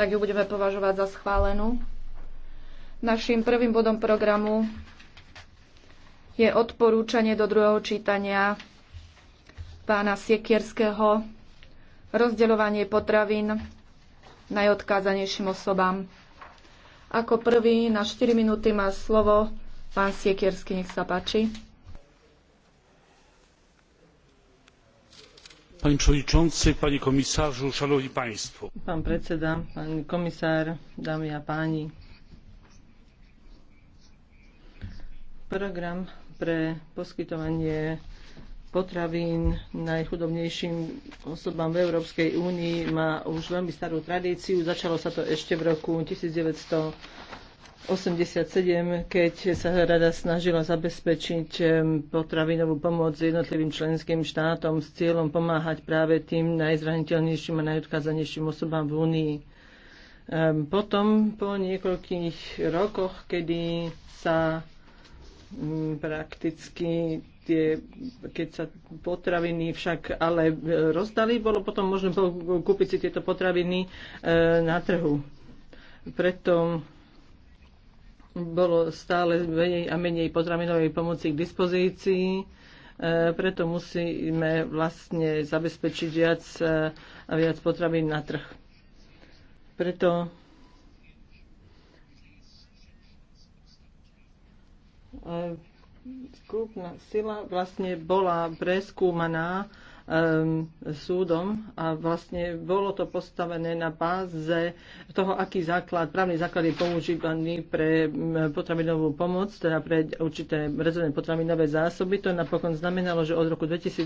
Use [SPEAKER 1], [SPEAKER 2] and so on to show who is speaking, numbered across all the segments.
[SPEAKER 1] tak ju budeme považovať za schválenú. Naším prvým bodom programu je odporúčanie do druhého čítania pána Siekierského rozdeľovanie potravín najodkázanejším osobám. Ako prvý na 4 minúty má slovo pán Siekierský, nech sa páči.
[SPEAKER 2] panie przewodniczący panie komisarzu szanowni państwo! pan
[SPEAKER 3] predseda pán komisár dámy a páni program pre poskytovanie potravín najchudobnejším osobám v Európskej únii má už veľmi starú tradíciu. Začalo sa to ešte v roku 1900 87, keď sa rada snažila zabezpečiť ehm, potravinovú pomoc jednotlivým členským štátom s cieľom pomáhať práve tým najzraniteľnejším a najodkázanejším osobám v Únii. Ehm, potom po niekoľkých rokoch, kedy sa mm, prakticky tie, keď sa potraviny však ale e, rozdali, bolo potom možné kúpiť si tieto potraviny e, na trhu. Preto bolo stále menej a menej potravinovej pomoci k dispozícii, e, preto musíme vlastne zabezpečiť viac a e, viac potravín na trh. Preto e, skupná sila vlastne bola preskúmaná um, súdom a vlastne bolo to postavené na báze toho, aký základ, právny základ je používaný pre potravinovú pomoc, teda pre určité rezervné potravinové zásoby. To napokon znamenalo, že od roku 2012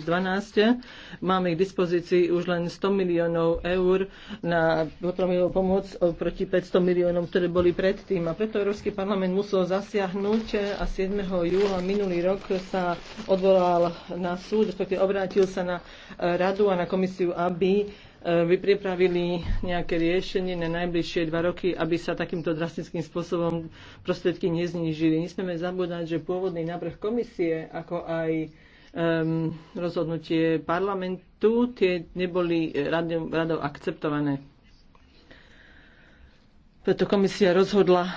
[SPEAKER 3] máme k dispozícii už len 100 miliónov eur na potravinovú pomoc oproti 500 miliónom, ktoré boli predtým. A preto Európsky parlament musel zasiahnuť a 7. júla minulý rok sa odvolal na súd, respektíve obrátil sa na radu a na komisiu, aby by e, pripravili nejaké riešenie na najbližšie dva roky, aby sa takýmto drastickým spôsobom prostriedky neznížili. Nesmieme zabúdať, že pôvodný návrh komisie, ako aj um, rozhodnutie parlamentu, tie neboli radou, radou akceptované. Preto komisia rozhodla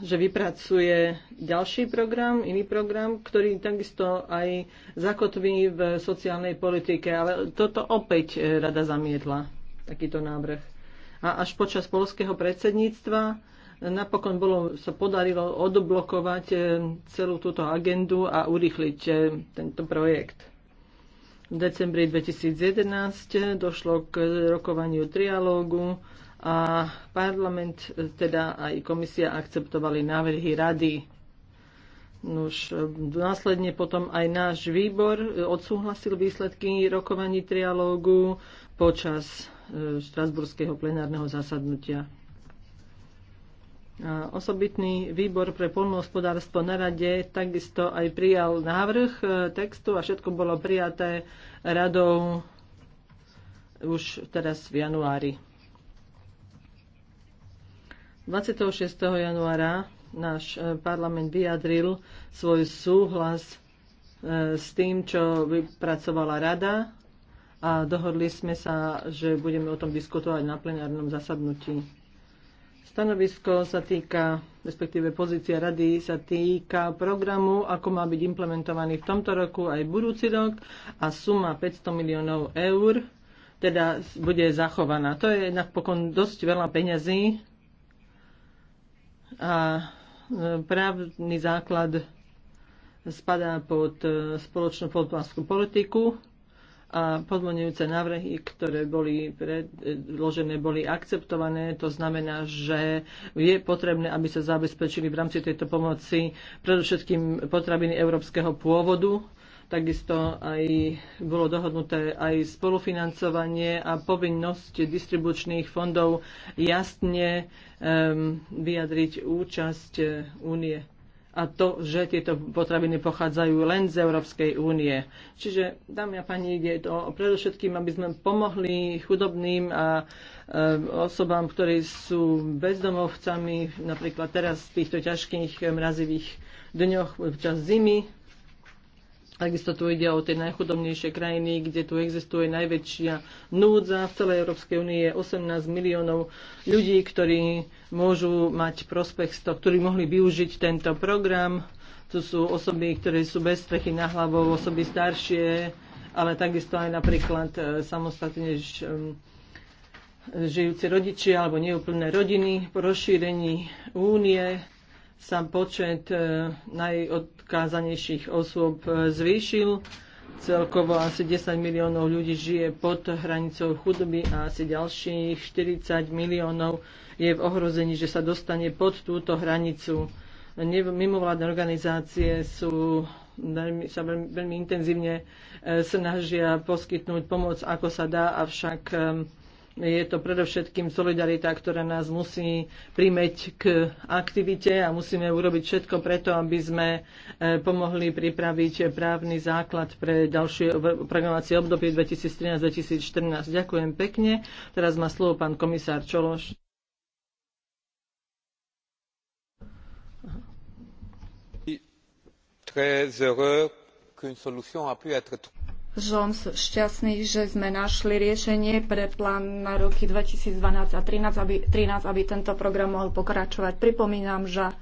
[SPEAKER 3] že vypracuje ďalší program, iný program, ktorý takisto aj zakotví v sociálnej politike. Ale toto opäť e, rada zamietla, takýto návrh. A až počas polského predsedníctva napokon bolo, sa podarilo odblokovať e, celú túto agendu a urýchliť e, tento projekt. V decembri 2011 došlo k rokovaniu trialógu a parlament, e, teda aj komisia akceptovali návrhy rady. Nož, e, následne potom aj náš výbor e, odsúhlasil výsledky rokovaní trialógu počas štrasburského plenárneho zasadnutia. Osobitný výbor pre polnohospodárstvo na rade takisto aj prijal návrh textu a všetko bolo prijaté radou už teraz v januári. 26. januára náš e, parlament vyjadril svoj súhlas e, s tým, čo vypracovala rada a dohodli sme sa, že budeme o tom diskutovať na plenárnom zasadnutí. Stanovisko sa týka, respektíve pozícia rady sa týka programu, ako má byť implementovaný v tomto roku aj budúci rok a suma 500 miliónov eur teda bude zachovaná. To je napokon dosť veľa peňazí a e, právny základ spadá pod e, spoločnú podvádzku politiku a podmonujúce návrhy, ktoré boli predložené, boli akceptované. To znamená, že je potrebné, aby sa zabezpečili v rámci tejto pomoci predovšetkým potraviny európskeho pôvodu, Takisto aj bolo dohodnuté aj spolufinancovanie a povinnosť distribučných fondov jasne um, vyjadriť účasť e, únie a to, že tieto potraviny pochádzajú len z Európskej únie. Čiže, dámy a pani, ide to predovšetkým, aby sme pomohli chudobným a e, osobám, ktorí sú bezdomovcami, napríklad teraz v týchto ťažkých mrazivých dňoch čas zimy, Takisto tu ide o tie najchudobnejšie krajiny, kde tu existuje najväčšia núdza. V celej Európskej únii je 18 miliónov ľudí, ktorí môžu mať prospech z toho, ktorí mohli využiť tento program. Tu sú osoby, ktoré sú bez strechy na hlavou, osoby staršie, ale takisto aj napríklad e, samostatne žijúci rodičia alebo neúplné rodiny. Po rozšírení únie sa počet e, najod najodkázanejších osôb e, zvýšil. Celkovo asi 10 miliónov ľudí žije pod hranicou chudoby a asi ďalších 40 miliónov je v ohrození, že sa dostane pod túto hranicu. Mimovládne organizácie sú sa veľmi, veľmi intenzívne e, snažia poskytnúť pomoc, ako sa dá, avšak je to predovšetkým solidarita, ktorá nás musí primeť k aktivite a musíme urobiť všetko preto, aby sme e, pomohli pripraviť právny základ pre ďalšie programovacie obdobie 2013-2014. Ďakujem pekne. Teraz má slovo pán komisár Čološ.
[SPEAKER 4] Très heureux qu'une solution a pu être trouvée
[SPEAKER 1] som šťastný, že sme našli riešenie pre plán na roky 2012 a 2013, aby, 2013, aby tento program mohol pokračovať. Pripomínam, že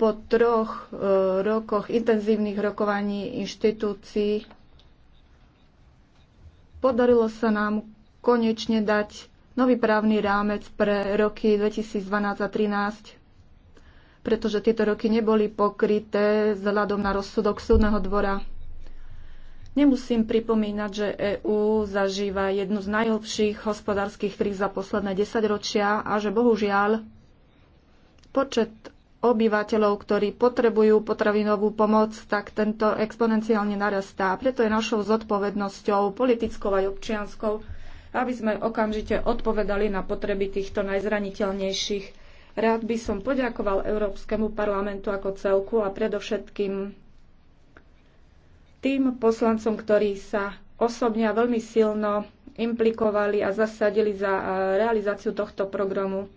[SPEAKER 1] po troch e, rokoch intenzívnych rokovaní inštitúcií podarilo sa nám konečne dať nový právny rámec pre roky 2012 a 2013 pretože tieto roky neboli pokryté vzhľadom na rozsudok súdneho dvora. Nemusím pripomínať, že EÚ zažíva jednu z najhlbších hospodárskych kríz za posledné desaťročia a že bohužiaľ počet obyvateľov, ktorí potrebujú potravinovú pomoc, tak tento exponenciálne narastá. Preto je našou zodpovednosťou politickou aj občianskou, aby sme okamžite odpovedali na potreby týchto najzraniteľnejších. Rád by som poďakoval Európskemu parlamentu ako celku a predovšetkým tým poslancom, ktorí sa osobne a veľmi silno implikovali a zasadili za e, realizáciu tohto programu.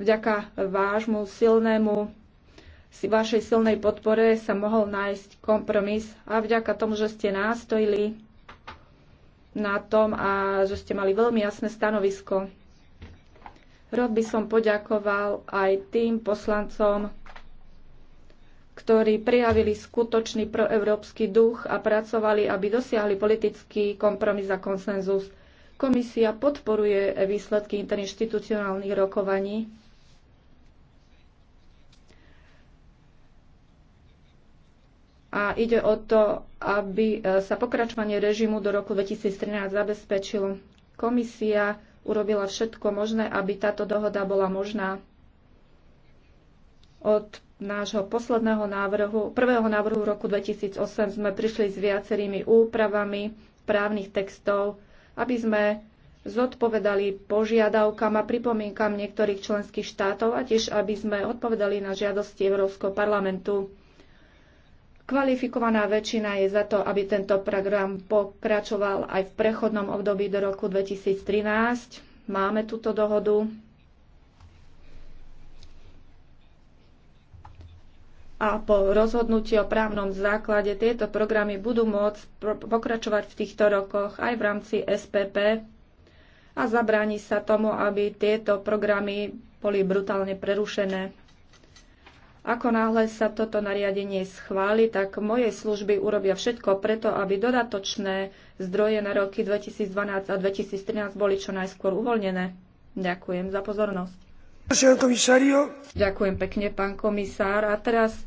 [SPEAKER 1] Vďaka vášmu silnému vašej silnej podpore sa mohol nájsť kompromis a vďaka tomu, že ste nástojili na tom a že ste mali veľmi jasné stanovisko. Rod by som poďakoval aj tým poslancom, ktorí prijavili skutočný proeurópsky duch a pracovali, aby dosiahli politický kompromis a konsenzus. Komisia podporuje výsledky interinstitucionálnych rokovaní. A ide o to, aby e, sa pokračovanie režimu do roku 2013 zabezpečilo. Komisia urobila všetko možné, aby táto dohoda bola možná. Od nášho posledného návrhu, prvého návrhu roku 2008 sme prišli s viacerými úpravami právnych textov, aby sme zodpovedali požiadavkám a pripomienkam niektorých členských štátov a tiež aby sme odpovedali na žiadosti Európskeho parlamentu. Kvalifikovaná väčšina je za to, aby tento program pokračoval aj v prechodnom období do roku 2013. Máme túto dohodu. a po rozhodnutí o právnom základe tieto programy budú môcť pokračovať v týchto rokoch aj v rámci SPP a zabráni sa tomu, aby tieto programy boli brutálne prerušené. Ako náhle sa toto nariadenie schváli, tak moje služby urobia všetko preto, aby dodatočné zdroje na roky 2012 a 2013 boli čo najskôr uvoľnené. Ďakujem za pozornosť. Ďakujem pekne, pán komisár. A teraz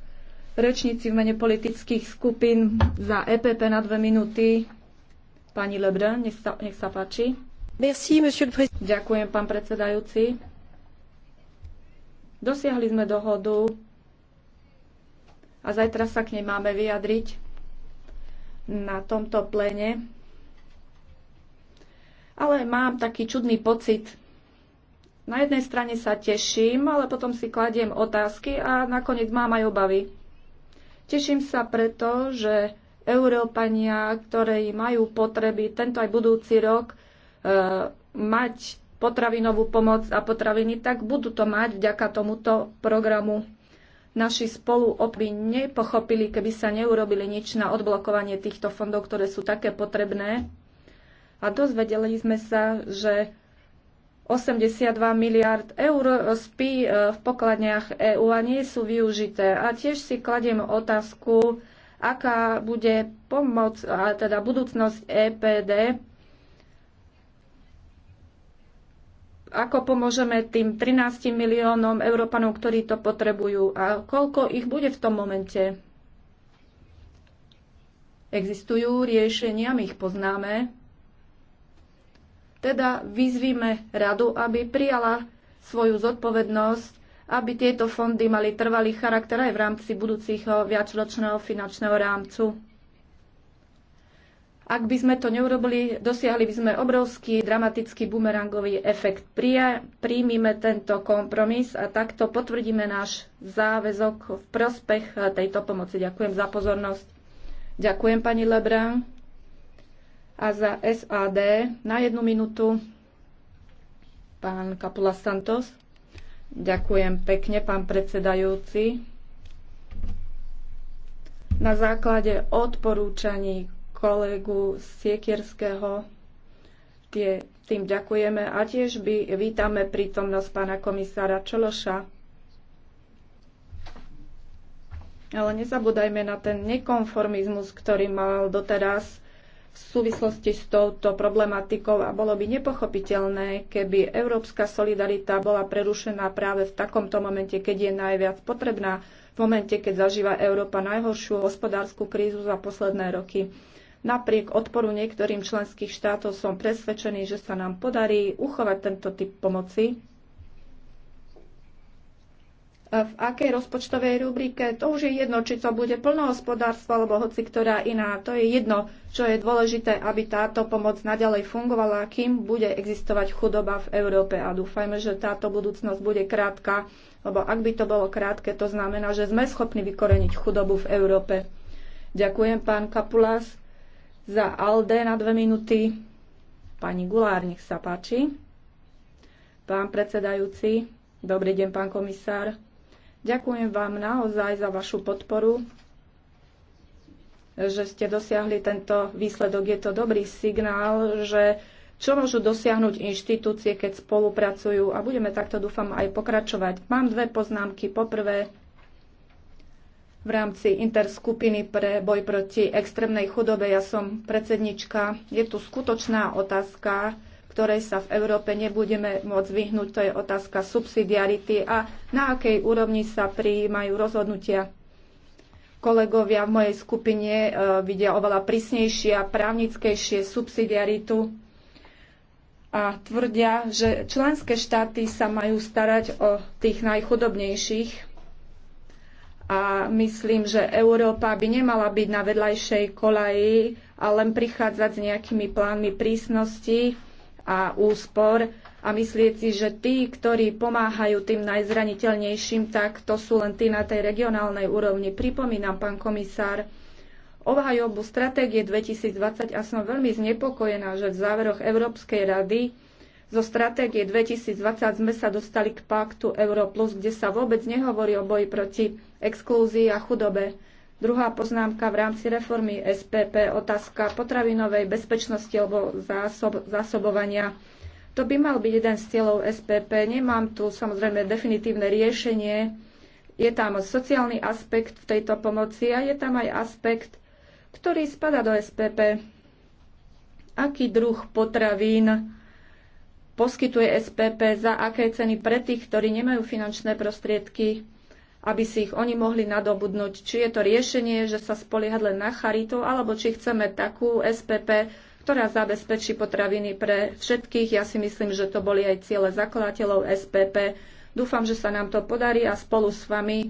[SPEAKER 1] rečníci v mene politických skupín za EPP na dve minúty. Pani Lebrun, nech sa, nech sa páči. Merci, le président. Ďakujem, pán predsedajúci. Dosiahli sme dohodu a zajtra sa k nej máme vyjadriť na tomto plene. Ale mám taký čudný pocit, na jednej strane sa teším, ale potom si kladiem otázky a nakoniec mám aj obavy. Teším sa preto, že Európania, ktorí majú potreby tento aj budúci rok e, mať potravinovú pomoc a potraviny, tak budú to mať vďaka tomuto programu. Naši spoluob nepochopili, keby sa neurobili nič na odblokovanie týchto fondov, ktoré sú také potrebné. A dozvedeli sme sa, že 82 miliard eur spí e, v pokladniach EÚ a nie sú využité. A tiež si kladiem otázku, aká bude pomoc, a teda budúcnosť EPD, ako pomôžeme tým 13 miliónom Európanov, ktorí to potrebujú a koľko ich bude v tom momente. Existujú riešenia, my ich poznáme, teda vyzvíme radu, aby prijala svoju zodpovednosť, aby tieto fondy mali trvalý charakter aj v rámci budúcich eh, viacročného finančného rámcu. Ak by sme to neurobili, dosiahli by sme obrovský dramatický bumerangový efekt. Príjmime tento kompromis a takto potvrdíme náš záväzok v prospech eh, tejto pomoci. Ďakujem za pozornosť. Ďakujem, pani Lebrun. A za SAD na jednu minútu pán Kapula Santos. Ďakujem pekne, pán predsedajúci. Na základe odporúčaní kolegu Siekierského tie, tým ďakujeme a tiež by vítame prítomnosť pána komisára Čološa. Ale nezabúdajme na ten nekonformizmus, ktorý mal doteraz v súvislosti s touto problematikou a bolo by nepochopiteľné, keby európska solidarita bola prerušená práve v takomto momente, keď je najviac potrebná, v momente, keď zažíva Európa najhoršiu hospodárskú krízu za posledné roky. Napriek odporu niektorým členských štátov som presvedčený, že sa nám podarí uchovať tento typ pomoci v akej rozpočtovej rubrike. To už je jedno, či to bude plnohospodárstvo alebo hoci ktorá iná. To je jedno, čo je dôležité, aby táto pomoc naďalej fungovala, kým bude existovať chudoba v Európe. A dúfajme, že táto budúcnosť bude krátka, lebo ak by to bolo krátke, to znamená, že sme schopní vykoreniť chudobu v Európe. Ďakujem, pán Kapulas, za Alde na dve minúty. Pani Gulár, nech sa páči. Pán predsedajúci, dobrý deň, pán komisár. Ďakujem vám naozaj za vašu podporu, že ste dosiahli tento výsledok. Je to dobrý signál, že čo môžu dosiahnuť inštitúcie, keď spolupracujú a budeme takto, dúfam, aj pokračovať. Mám dve poznámky. Poprvé, v rámci interskupiny pre boj proti extrémnej chudobe, ja som predsednička, je tu skutočná otázka, ktorej sa v Európe nebudeme môcť vyhnúť, to je otázka subsidiarity a na akej úrovni sa prijímajú rozhodnutia. Kolegovia v mojej skupine e, vidia oveľa prísnejšie a právnickejšie subsidiaritu a tvrdia, že členské štáty sa majú starať o tých najchudobnejších. A myslím, že Európa by nemala byť na vedľajšej kolaji a len prichádzať s nejakými plánmi prísnosti a úspor a myslieť si, že tí, ktorí pomáhajú tým najzraniteľnejším, tak to sú len tí na tej regionálnej úrovni. Pripomínam, pán komisár, obhajobu stratégie 2020 a som veľmi znepokojená, že v záveroch Európskej rady zo stratégie 2020 sme sa dostali k paktu Euro+, kde sa vôbec nehovorí o boji proti exklúzii a chudobe. Druhá poznámka v rámci reformy SPP, otázka potravinovej bezpečnosti alebo zásob, zásobovania. To by mal byť jeden z cieľov SPP. Nemám tu samozrejme definitívne riešenie. Je tam sociálny aspekt v tejto pomoci a je tam aj aspekt, ktorý spada do SPP. Aký druh potravín poskytuje SPP, za aké ceny pre tých, ktorí nemajú finančné prostriedky aby si ich oni mohli nadobudnúť. Či je to riešenie, že sa spoliehať len na charitu, alebo či chceme takú SPP, ktorá zabezpečí potraviny pre všetkých. Ja si myslím, že to boli aj ciele zakladateľov SPP. Dúfam, že sa nám to podarí a spolu s vami e,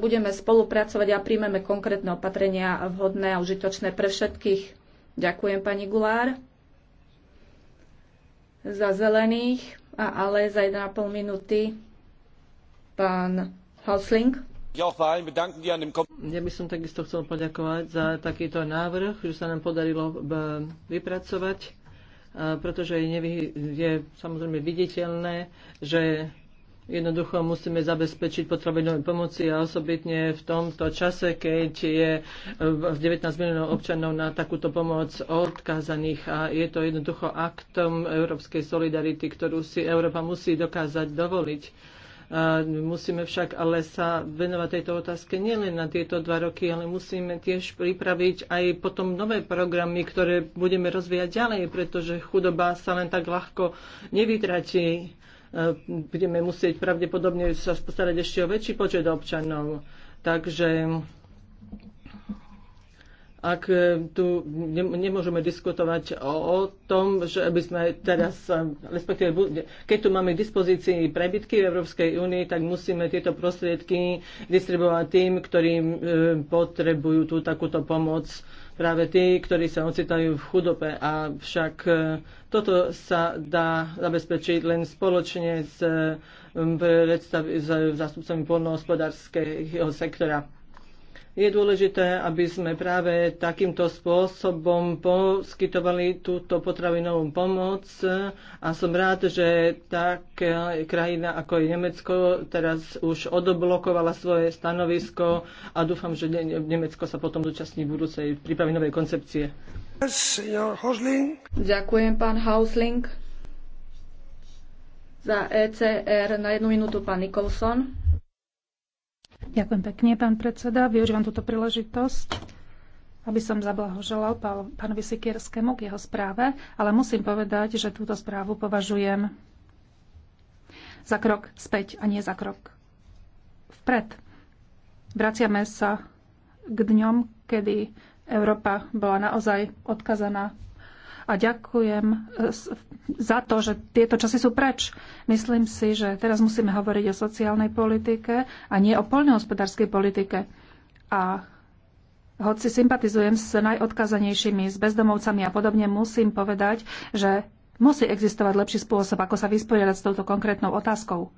[SPEAKER 1] budeme spolupracovať a príjmeme konkrétne opatrenia vhodné a užitočné pre všetkých. Ďakujem, pani Gulár, za zelených a ale za 1,5 minúty
[SPEAKER 3] pán
[SPEAKER 4] ja by som
[SPEAKER 3] takisto chcel poďakovať za takýto návrh, že sa nám podarilo e, vypracovať, e, pretože je samozrejme viditeľné, že Jednoducho musíme zabezpečiť potrebné pomoci a osobitne v tomto čase, keď je 19 e, miliónov občanov na takúto pomoc odkázaných a je to jednoducho aktom európskej solidarity, ktorú si Európa musí dokázať dovoliť Musíme však ale sa venovať tejto otázke nielen na tieto dva roky, ale musíme tiež pripraviť aj potom nové programy, ktoré budeme rozvíjať ďalej, pretože chudoba sa len tak ľahko nevytratí. Budeme musieť pravdepodobne sa postarať ešte o väčší počet občanov. Takže ak e, tu nemôžeme diskutovať o, o tom, že by sme teraz, e, respektíve, keď tu máme k dispozícii prebytky v Európskej únii, tak musíme tieto prostriedky distribuovať tým, ktorým e, potrebujú tú takúto pomoc práve tí, ktorí sa ocitajú v chudobe. A však toto sa dá zabezpečiť len spoločne s, s zástupcami polnohospodárskeho sektora. Je dôležité, aby sme práve takýmto spôsobom poskytovali túto potravinovú pomoc a som rád, že tak krajina ako je Nemecko teraz už odoblokovala svoje stanovisko a dúfam, že Nemecko sa potom zúčastní v budúcej príprave novej koncepcie.
[SPEAKER 1] Ďakujem, pán Hausling. Za ECR na jednu
[SPEAKER 5] minútu pán Nicholson. Ďakujem pekne, pán predseda. Využívam túto príležitosť, aby som zablahoželal pánovi Sikierskému k jeho správe, ale musím povedať, že túto správu považujem za krok späť a nie za krok vpred. Vraciame sa k dňom, kedy Európa bola naozaj odkazaná a ďakujem e, za to, že tieto časy sú preč. Myslím si, že teraz musíme hovoriť o sociálnej politike a nie o poľnohospodárskej politike. A hoci sympatizujem s najodkázanejšími, s bezdomovcami a podobne, musím povedať, že musí existovať lepší spôsob, ako sa vysporiadať s touto konkrétnou otázkou.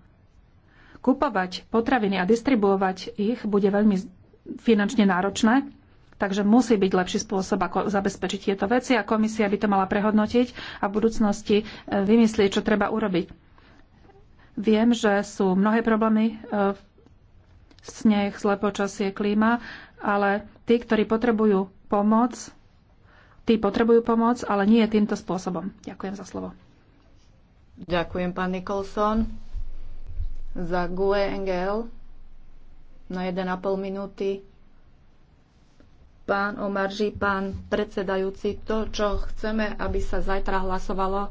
[SPEAKER 5] Kupovať potraviny a distribuovať ich bude veľmi finančne náročné, Takže musí byť lepší spôsob, ako zabezpečiť tieto veci a komisia by to mala prehodnotiť a v budúcnosti e, vymyslieť, čo treba urobiť. Viem, že sú mnohé problémy e, sneh, zlé počasie, klíma, ale tí, ktorí potrebujú pomoc, tí potrebujú pomoc, ale nie týmto spôsobom. Ďakujem za slovo.
[SPEAKER 1] Ďakujem, pán Nikolson. Za GUE NGL na 1,5 minúty pán Omarži, pán predsedajúci, to, čo chceme, aby sa zajtra hlasovalo,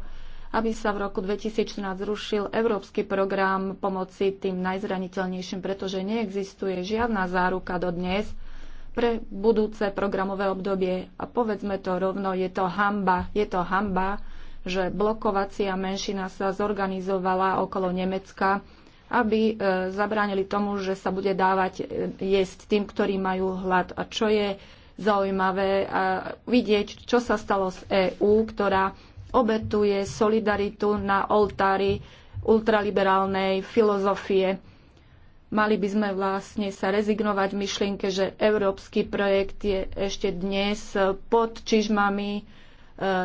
[SPEAKER 1] aby sa v roku 2014 zrušil Európsky program pomoci tým najzraniteľnejším, pretože neexistuje žiadna záruka dodnes pre budúce programové obdobie. A povedzme to rovno, je to hamba, je to hamba, že blokovacia menšina sa zorganizovala okolo Nemecka, aby e, zabránili tomu, že sa bude dávať e, jesť tým, ktorí majú hlad. A čo je zaujímavé vidieť, čo sa stalo z EÚ, ktorá obetuje solidaritu na oltári ultraliberálnej filozofie. Mali by sme vlastne sa rezignovať v myšlienke, že európsky projekt je ešte dnes pod čižmami eh,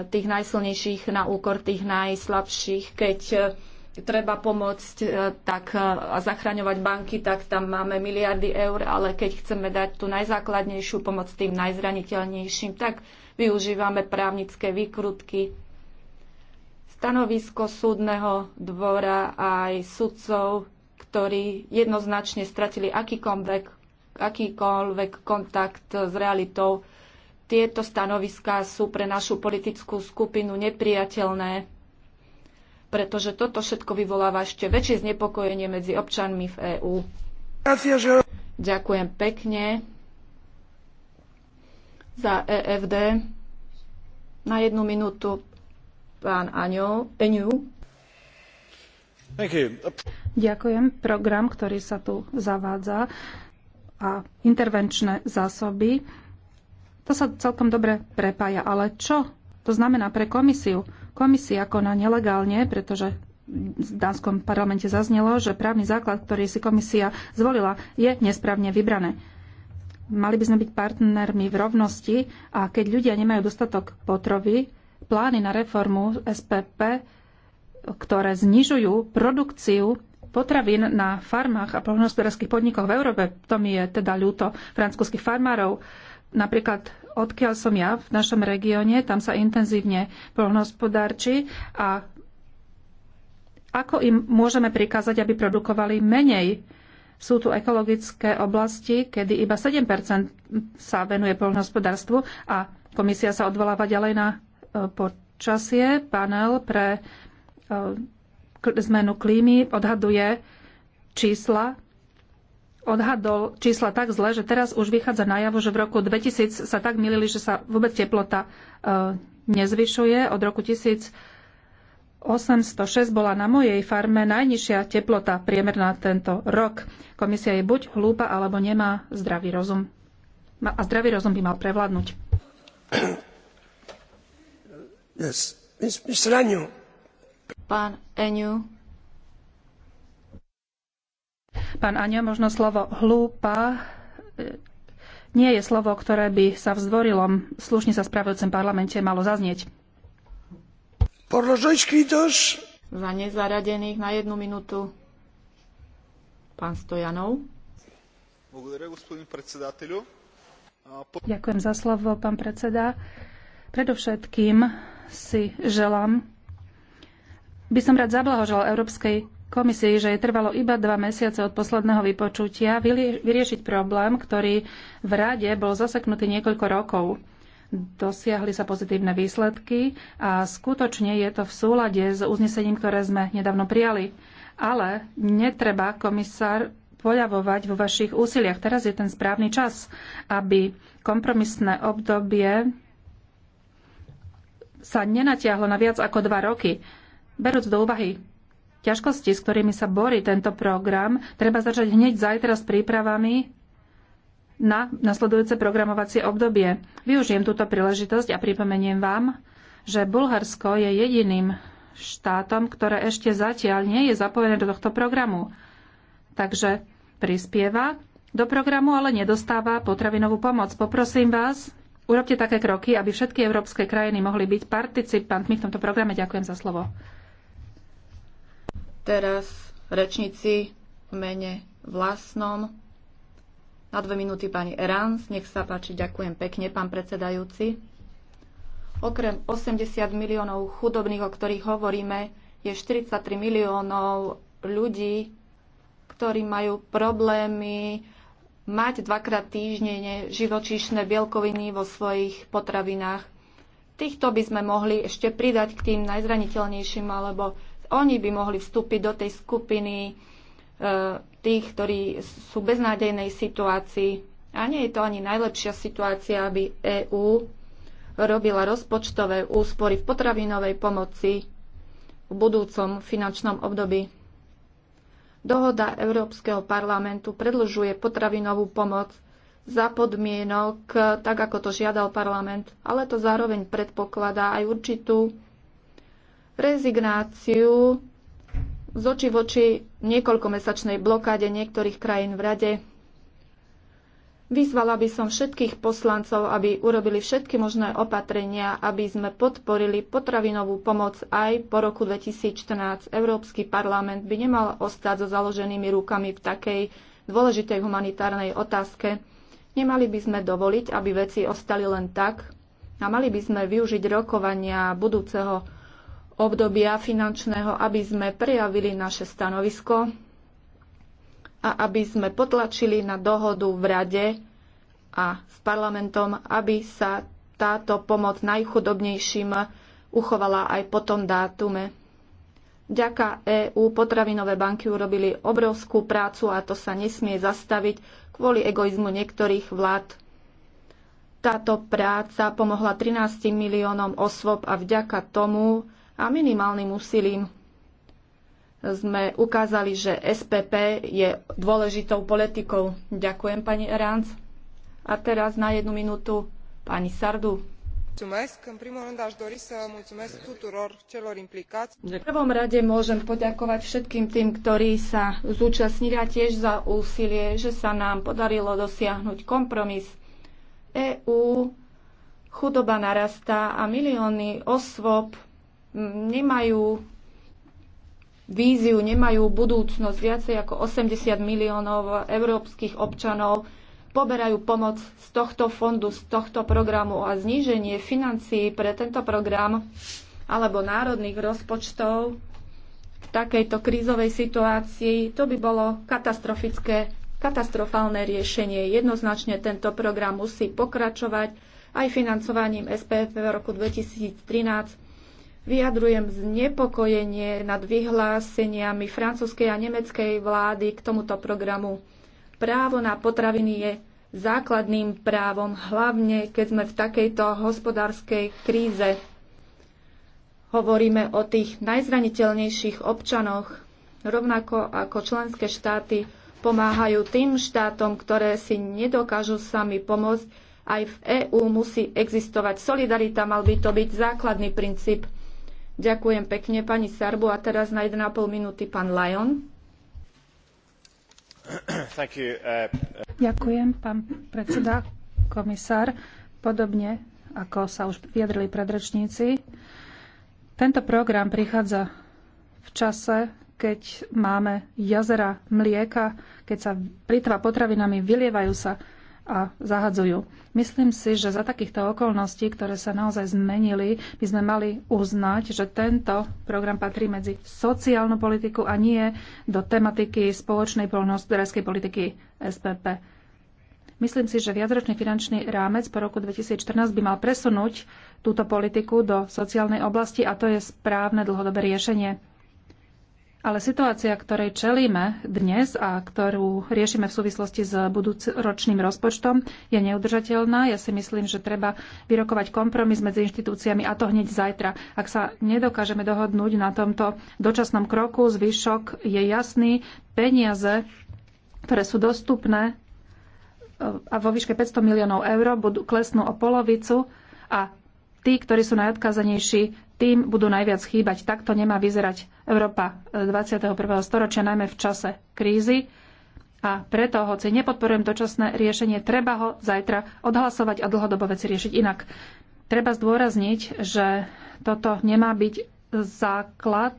[SPEAKER 1] tých najsilnejších na úkor tých najslabších, keď eh, treba pomôcť e, tak e, a zachraňovať banky, tak tam máme miliardy eur, ale keď chceme dať tú najzákladnejšiu pomoc tým najzraniteľnejším, tak využívame právnické výkrutky. Stanovisko súdneho dvora aj sudcov, ktorí jednoznačne stratili akýkoľvek, akýkoľvek kontakt s realitou, tieto stanoviská sú pre našu politickú skupinu nepriateľné pretože toto všetko vyvoláva ešte väčšie znepokojenie medzi občanmi v EÚ. Ďakujem pekne za EFD. Na jednu minútu
[SPEAKER 5] pán Aňo, Eňu. Ďakujem. Program, ktorý sa tu zavádza a intervenčné zásoby, to sa celkom dobre prepája. Ale čo to znamená pre komisiu? Komisia koná nelegálne, pretože v dánskom parlamente zaznelo, že právny základ, ktorý si komisia zvolila, je nesprávne vybrané. Mali by sme byť partnermi v rovnosti a keď ľudia nemajú dostatok potrovy, plány na reformu SPP, ktoré znižujú produkciu potravín na farmách a poľnohospodárských podnikoch v Európe, to mi je teda ľúto francúzských farmárov, napríklad odkiaľ som ja, v našom regióne, tam sa intenzívne poľnohospodárči a ako im môžeme prikázať, aby produkovali menej? Sú tu ekologické oblasti, kedy iba 7 sa venuje poľnohospodárstvu a komisia sa odvoláva ďalej na e, počasie. Panel pre e, zmenu klímy odhaduje čísla odhadol čísla tak zle, že teraz už vychádza najavo, že v roku 2000 sa tak milili, že sa vôbec teplota e, nezvyšuje. Od roku 1806 bola na mojej farme najnižšia teplota priemerná tento rok. Komisia je buď hlúpa, alebo nemá zdravý rozum. A zdravý rozum by mal prevládnuť. Yes. Pán Eňu, Pán Aňo, možno slovo hlúpa nie je slovo, ktoré by sa vzdvorilom slušne sa spravujúcem parlamente malo zaznieť.
[SPEAKER 1] Por los Za nezaradených na jednu minútu.
[SPEAKER 5] Pán Stojanov. Ďakujem za slovo, pán predseda. Predovšetkým si želám, by som rád zablahožal Európskej komisii, že je trvalo iba dva mesiace od posledného vypočutia vyriešiť problém, ktorý v rade bol zaseknutý niekoľko rokov. Dosiahli sa pozitívne výsledky a skutočne je to v súlade s uznesením, ktoré sme nedávno prijali. Ale netreba komisár poľavovať vo vašich úsiliach. Teraz je ten správny čas, aby kompromisné obdobie sa nenatiahlo na viac ako dva roky. Berúc do úvahy ťažkosti, s ktorými sa borí tento program, treba začať hneď zajtra s prípravami na nasledujúce programovacie obdobie. Využijem túto príležitosť a pripomeniem vám, že Bulharsko je jediným štátom, ktoré ešte zatiaľ nie je zapojené do tohto programu. Takže prispieva do programu, ale nedostáva potravinovú pomoc. Poprosím vás, urobte také kroky, aby všetky európske krajiny mohli byť participantmi v tomto programe. Ďakujem za slovo.
[SPEAKER 1] Teraz rečnici v mene vlastnom. Na dve minúty pani Erans. Nech sa páči, ďakujem pekne, pán predsedajúci. Okrem 80 miliónov chudobných, o ktorých hovoríme, je 43 miliónov ľudí, ktorí majú problémy mať dvakrát týždenne živočíšne bielkoviny vo svojich potravinách. Týchto by sme mohli ešte pridať k tým najzraniteľnejším alebo oni by mohli vstúpiť do tej skupiny e, tých, ktorí sú v beznádejnej situácii. A nie je to ani najlepšia situácia, aby EÚ robila rozpočtové úspory v potravinovej pomoci v budúcom finančnom období. Dohoda Európskeho parlamentu predlžuje potravinovú pomoc za podmienok, tak ako to žiadal parlament, ale to zároveň predpokladá aj určitú rezignáciu z oči oči niekoľkomesačnej blokáde niektorých krajín v Rade. Vyzvala by som všetkých poslancov, aby urobili všetky možné opatrenia, aby sme podporili potravinovú pomoc aj po roku 2014. Európsky parlament by nemal ostať so založenými rukami v takej dôležitej humanitárnej otázke. Nemali by sme dovoliť, aby veci ostali len tak a mali by sme využiť rokovania budúceho obdobia finančného, aby sme prejavili naše stanovisko a aby sme potlačili na dohodu v Rade a s parlamentom, aby sa táto pomoc najchudobnejším uchovala aj po tom dátume. Vďaka EÚ potravinové banky urobili obrovskú prácu a to sa nesmie zastaviť kvôli egoizmu niektorých vlád. Táto práca pomohla 13 miliónom osôb a vďaka tomu a minimálnym úsilím sme ukázali, že SPP je dôležitou politikou. Ďakujem, pani Eranc. A teraz na jednu minútu pani Sardu. V prvom rade môžem poďakovať všetkým tým, ktorí sa zúčastnili a tiež za úsilie, že sa nám podarilo dosiahnuť kompromis. EÚ chudoba narastá a milióny osôb nemajú víziu, nemajú budúcnosť. Viacej ako 80 miliónov európskych občanov poberajú pomoc z tohto fondu, z tohto programu a zníženie financií pre tento program alebo národných rozpočtov v takejto krízovej situácii, to by bolo katastrofické, katastrofálne riešenie. Jednoznačne tento program musí pokračovať aj financovaním SPF v roku 2013 Vyjadrujem znepokojenie nad vyhláseniami francúzskej a nemeckej vlády k tomuto programu. Právo na potraviny je základným právom, hlavne keď sme v takejto hospodárskej kríze. Hovoríme o tých najzraniteľnejších občanoch, rovnako ako členské štáty pomáhajú tým štátom, ktoré si nedokážu sami pomôcť. Aj v EÚ musí existovať solidarita, mal by to byť základný princíp Ďakujem pekne pani Sarbu a teraz na 1,5 minúty pán Lajon.
[SPEAKER 4] Uh,
[SPEAKER 5] Ďakujem, pán predseda, komisár. Podobne ako sa už vyjadrili predrečníci, tento program prichádza v čase, keď máme jazera mlieka, keď sa plitva potravinami, vylievajú sa a zahadzujú. Myslím si, že za takýchto okolností, ktoré sa naozaj zmenili, by sme mali uznať, že tento program patrí medzi sociálnu politiku a nie do tematiky spoločnej poľnohospodárskej politiky SPP. Myslím si, že viacročný finančný rámec po roku 2014 by mal presunúť túto politiku do sociálnej oblasti a to je správne dlhodobé riešenie. Ale situácia, ktorej čelíme dnes a ktorú riešime v súvislosti s budúcoročným rozpočtom, je neudržateľná. Ja si myslím, že treba vyrokovať kompromis medzi inštitúciami a to hneď zajtra. Ak sa nedokážeme dohodnúť na tomto dočasnom kroku, zvyšok je jasný. Peniaze, ktoré sú dostupné e, a vo výške 500 miliónov eur budú klesnú o polovicu a tí, ktorí sú najodkázanejší, tým budú najviac chýbať. Takto nemá vyzerať Európa 21. E, storočia, najmä v čase krízy. A preto, hoci nepodporujem dočasné riešenie, treba ho zajtra odhlasovať a dlhodobo veci riešiť inak. Treba zdôrazniť, že toto nemá byť základ,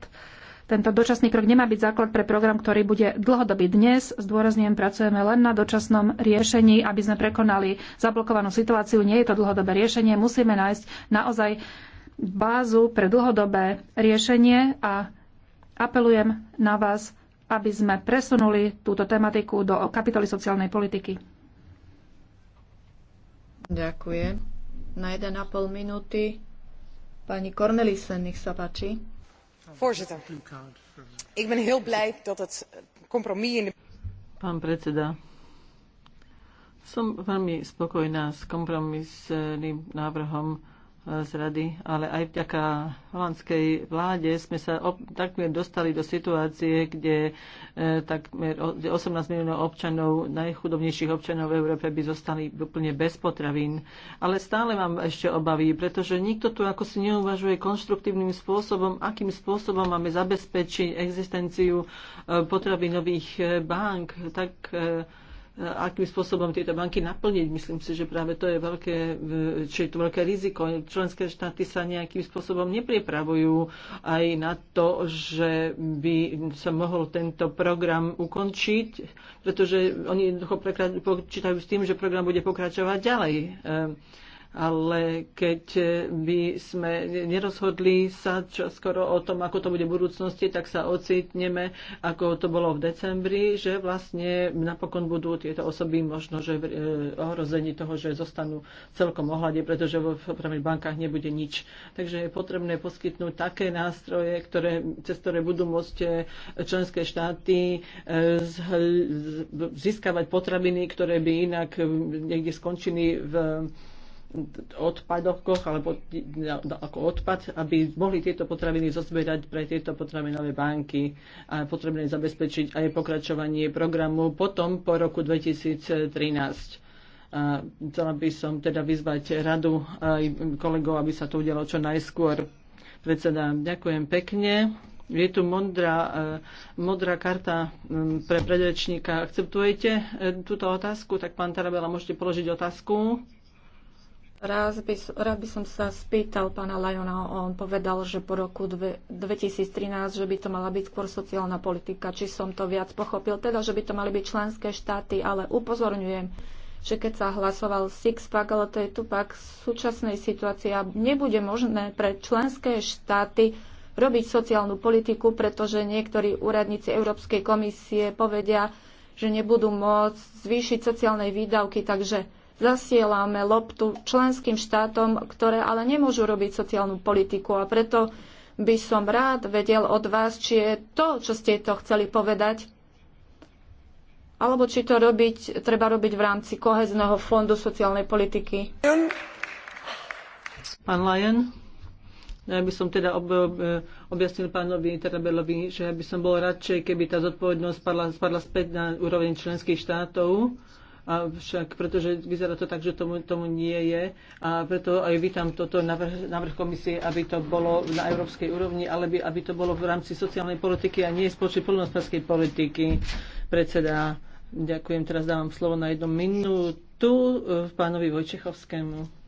[SPEAKER 5] tento dočasný krok nemá byť základ pre program, ktorý bude dlhodobý. Dnes, zdôrazňujem, pracujeme len na dočasnom riešení, aby sme prekonali zablokovanú situáciu. Nie je to dlhodobé riešenie. Musíme nájsť naozaj bázu pre dlhodobé riešenie a Apelujem na vás, aby sme presunuli túto tematiku do kapitoly sociálnej politiky.
[SPEAKER 1] Ďakujem. Na 1,5 minúty pani Cornelissen, nech sa
[SPEAKER 2] páči. Voorzitter, ik ben heel blij dat het compromis in de...
[SPEAKER 3] Pán predseda, som veľmi spokojná s kompromisným návrhom z rady, ale aj vďaka holandskej vláde sme sa ob, takmer dostali do situácie, kde e, takmer 18 miliónov občanov, najchudobnejších občanov v Európe by zostali úplne bez potravín. Ale stále mám ešte obavy, pretože nikto tu ako si neuvažuje konštruktívnym spôsobom, akým spôsobom máme zabezpečiť existenciu e, potravinových e, bank. Tak e, akým spôsobom tieto banky naplniť. Myslím si, že práve to je veľké, čo je to veľké riziko. Členské štáty sa nejakým spôsobom nepripravujú aj na to, že by sa mohol tento program ukončiť, pretože oni jednoducho počítajú s tým, že program bude pokračovať ďalej ehm, ale keď by e, sme nerozhodli sa čo skoro o tom, ako to bude v budúcnosti, tak sa ocitneme, ako to bolo v decembri, že vlastne napokon budú tieto osoby možno, že e, ohrození toho, že zostanú celkom ohľade, pretože v opravných bankách nebude nič. Takže je potrebné poskytnúť také nástroje, ktoré, cez ktoré budú môcť e, členské štáty získavať potraviny, ktoré by inak niekde skončili v odpadokoch alebo ako odpad, aby mohli tieto potraviny zozbierať pre tieto potravinové banky a potrebné zabezpečiť aj pokračovanie programu potom po roku 2013. A chcela by som teda vyzvať radu aj kolegov, aby sa to udialo čo najskôr. Predseda, ďakujem pekne. Je tu modrá, e, modrá karta pre predrečníka. Akceptujete e, túto otázku? Tak pán Tarabela, môžete položiť otázku.
[SPEAKER 1] Raz by, rád by som sa spýtal pána Lajona, on povedal, že po roku dve, 2013, že by to mala byť skôr sociálna politika, či som to viac pochopil, teda, že by to mali byť členské štáty, ale upozorňujem, že keď sa hlasoval Sixpack, ale to je tu pak v súčasnej situácii a nebude možné pre členské štáty robiť sociálnu politiku, pretože niektorí úradníci Európskej komisie povedia, že nebudú môcť zvýšiť sociálne výdavky, takže zasielame loptu členským štátom, ktoré ale nemôžu robiť sociálnu politiku. A preto by som rád vedel od vás, či je to, čo ste to chceli povedať, alebo či to robiť, treba robiť v rámci kohezného fondu sociálnej politiky.
[SPEAKER 3] Pán Lajen, ja by som teda ob, objasnil pánovi Terabelovi, že by som bol radšej, keby tá zodpovednosť spadla, spadla späť na úroveň členských štátov, avšak pretože vyzerá to tak, že tomu, tomu nie je a preto aj vítam toto navrh, navrh komisie, aby to bolo na európskej úrovni, ale by, aby to bolo v rámci sociálnej politiky a nie spočí plnospodárskej politiky. Predseda, ďakujem, teraz dávam slovo na jednu minútu eh, pánovi Vojčechovskému.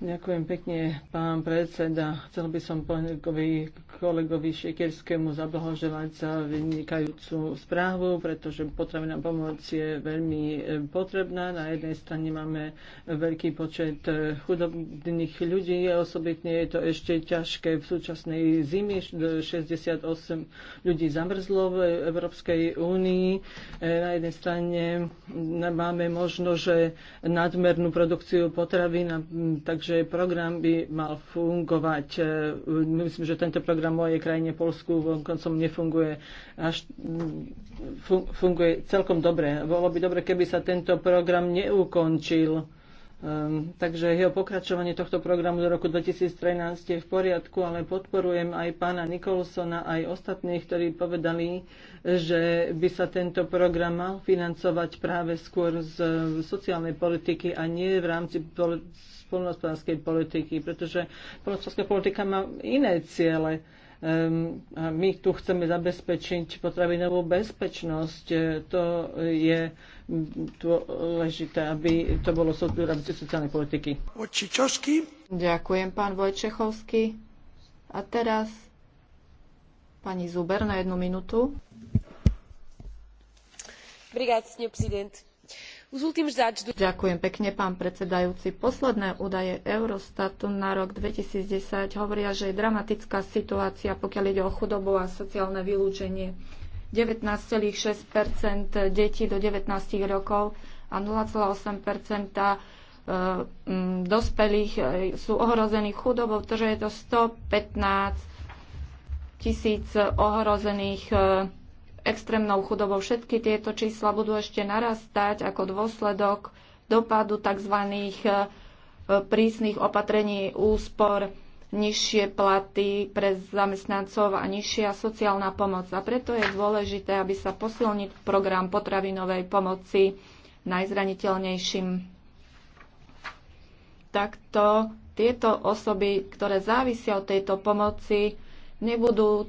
[SPEAKER 3] Ďakujem pekne, pán predseda. Chcel by som kolegovi, kolegovi Šekerskému zablahoželať za vynikajúcu správu, pretože potraviná pomoc je veľmi e, potrebná. Na jednej strane máme veľký počet e, chudobných ľudí, osobitne je to ešte ťažké v súčasnej zimi. E, 68 ľudí zamrzlo v Európskej únii. Na jednej strane máme možno, že nadmernú produkciu potravín, takže že program by mal fungovať. E, myslím, že tento program v mojej krajine Polsku koncom nefunguje až funguje celkom dobre. Bolo by dobre, keby sa tento program neukončil. Um, takže jeho pokračovanie tohto programu do roku 2013 je v poriadku, ale podporujem aj pána Nikolsona, aj ostatných, ktorí povedali, že by sa tento program mal financovať práve skôr z sociálnej politiky a nie v rámci spolnospodárskej politiky, pretože spolnospodárska politika má iné ciele. Ehm, a my tu chceme zabezpečiť potravinovú bezpečnosť. E, to je dôležité, aby to bolo v rámci sociálnej politiky. Očičovský. Ďakujem, pán Vojčechovský.
[SPEAKER 1] A teraz pani Zuber na jednu minútu. Obrigado, senhor presidente Ďakujem pekne, pán predsedajúci. Posledné údaje Eurostatu na rok 2010 hovoria, že je dramatická situácia, pokiaľ ide o chudobu a sociálne vylúčenie. 19,6 detí do 19 rokov a 0,8 eh, mm, dospelých eh, sú ohrození chudobou, pretože je to 115 tisíc ohrozených eh, extrémnou chudobou. Všetky tieto čísla budú ešte narastať ako dôsledok dopadu tzv. E, prísnych opatrení úspor, nižšie platy pre zamestnancov a nižšia sociálna pomoc. A preto je dôležité, aby sa posilnil program potravinovej pomoci najzraniteľnejším. Takto tieto osoby, ktoré závisia od tejto pomoci, nebudú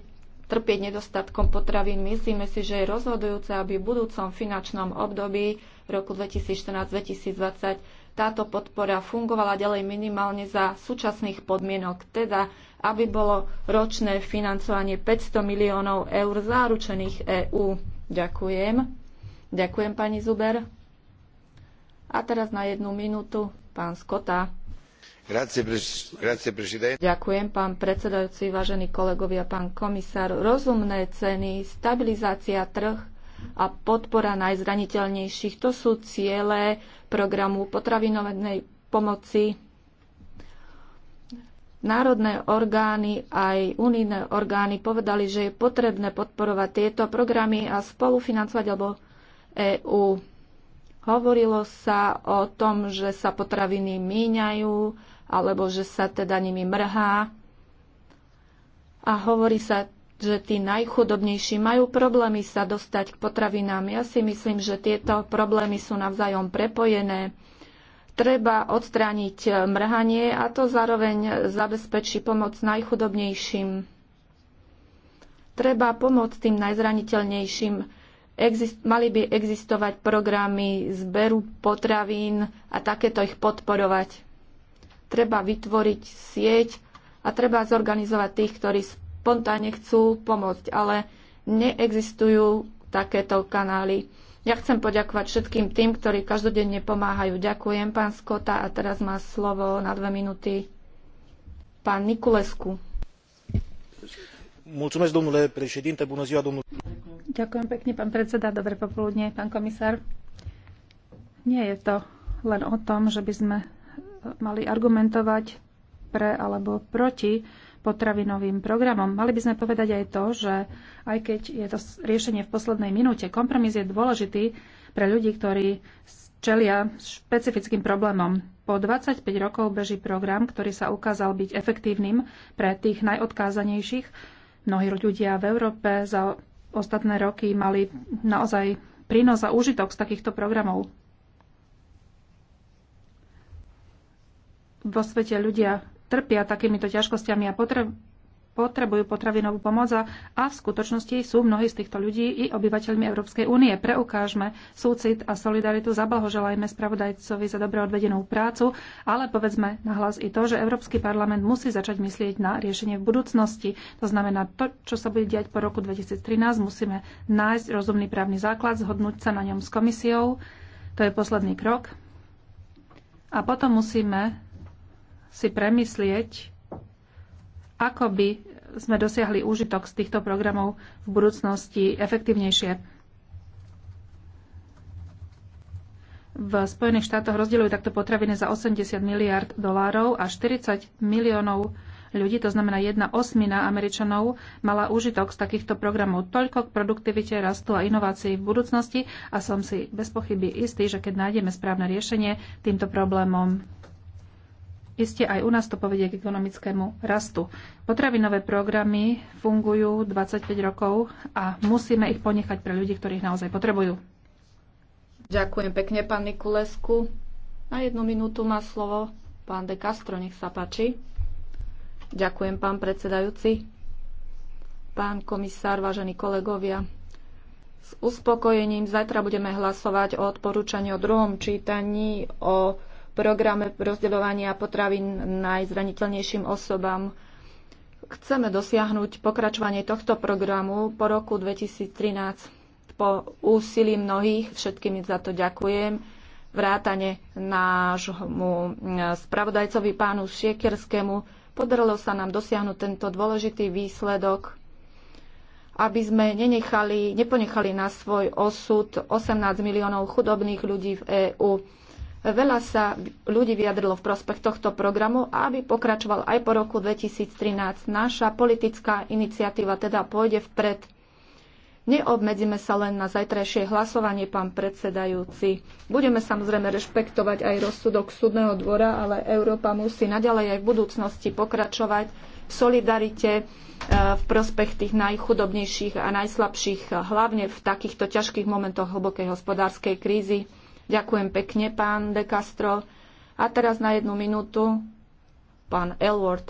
[SPEAKER 1] trpieť nedostatkom potravín. Myslíme si, že je rozhodujúce, aby v budúcom finančnom období roku 2014-2020 táto podpora fungovala ďalej minimálne za súčasných podmienok, teda aby bolo ročné financovanie 500 miliónov eur záručených EÚ. Ďakujem. Ďakujem, pani Zuber. A teraz na jednu minútu pán Skota. Ďakujem, pán predsedajúci, kolegovia, pán komisár. Rozumné ceny, stabilizácia trh a podpora najzraniteľnejších, to sú ciele programu potravinovej pomoci. Národné orgány aj unijné orgány povedali, že je potrebné podporovať tieto programy a spolufinancovať alebo EÚ Hovorilo sa o tom, že sa potraviny míňajú alebo že sa teda nimi mrhá. A hovorí sa, že tí najchudobnejší majú problémy sa dostať k potravinám. Ja si myslím, že tieto problémy sú navzájom prepojené. Treba odstrániť mrhanie a to zároveň zabezpečí pomoc najchudobnejším. Treba pomôcť tým najzraniteľnejším exist- mali by existovať programy zberu potravín a takéto ich podporovať. Treba vytvoriť sieť a treba zorganizovať tých, ktorí spontánne chcú pomôcť, ale neexistujú takéto kanály. Ja chcem poďakovať všetkým tým, ktorí každodenne pomáhajú. Ďakujem, pán Skota. A teraz má slovo na dve minúty pán Nikulesku.
[SPEAKER 2] Mulțumesc, domnule președinte. Bună ziua, domnule.
[SPEAKER 5] Ďakujem pekne, pán predseda. Dobré popoludne, pán komisár. Nie je to len o tom, že by sme mali argumentovať pre alebo proti potravinovým programom. Mali by sme povedať aj to, že aj keď je to riešenie v poslednej minúte, kompromis je dôležitý pre ľudí, ktorí čelia špecifickým problémom. Po 25 rokov beží program, ktorý sa ukázal byť efektívnym pre tých najodkázanejších. Mnohí ľudia v Európe za ostatné roky mali naozaj prínos a úžitok z takýchto programov. Vo svete ľudia trpia takýmito ťažkosťami a potrebujú potrebujú potravinovú pomoc a, v skutočnosti sú mnohí z týchto ľudí i obyvateľmi Európskej únie. Preukážme súcit a solidaritu, zablahoželajme spravodajcovi za dobre odvedenú prácu, ale povedzme nahlas i to, že Európsky parlament musí začať myslieť na riešenie v budúcnosti. To znamená, to, čo sa bude diať po roku 2013, musíme nájsť rozumný právny základ, zhodnúť sa na ňom s komisiou. To je posledný krok. A potom musíme si premyslieť, ako by sme dosiahli úžitok z týchto programov v budúcnosti efektívnejšie. V Spojených štátoch rozdielujú takto potraviny za 80 miliard dolárov a 40 miliónov ľudí, to znamená jedna osmina Američanov, mala úžitok z takýchto programov. Toľko k produktivite, rastu a inovácii v budúcnosti a som si bez pochyby istý, že keď nájdeme správne riešenie týmto problémom, Isté aj u nás to povedie k ekonomickému rastu. Potravinové programy fungujú 25 rokov a musíme ich ponechať pre ľudí, ktorí ich naozaj potrebujú.
[SPEAKER 1] Ďakujem pekne, pán Nikulesku. Na jednu minútu má slovo pán De Castro, nech sa páči.
[SPEAKER 5] Ďakujem, pán
[SPEAKER 1] predsedajúci. Pán komisár, vážení kolegovia, s uspokojením zajtra budeme hlasovať o odporúčaní o druhom čítaní o programe rozdeľovania potravín najzraniteľnejším osobám. Chceme dosiahnuť pokračovanie tohto programu po roku 2013 po úsilí mnohých, všetkým za to ďakujem, vrátane nášmu spravodajcovi pánu Šiekerskému. Podarilo sa nám dosiahnuť tento dôležitý výsledok aby sme nenechali, neponechali na svoj osud 18 miliónov chudobných ľudí v EÚ. Veľa sa ľudí vyjadrilo v prospech tohto programu a aby pokračoval aj po roku 2013. Naša politická iniciatíva teda pôjde vpred. Neobmedzíme sa len na zajtrajšie hlasovanie, pán predsedajúci. Budeme samozrejme rešpektovať aj rozsudok súdneho dvora, ale Európa musí naďalej aj v budúcnosti pokračovať v solidarite e, v prospech tých najchudobnejších a najslabších, hlavne v takýchto ťažkých momentoch hlbokej hospodárskej krízy. Ďakujem pekne, pán De Castro.
[SPEAKER 5] A teraz na jednu minútu
[SPEAKER 1] pán Elward.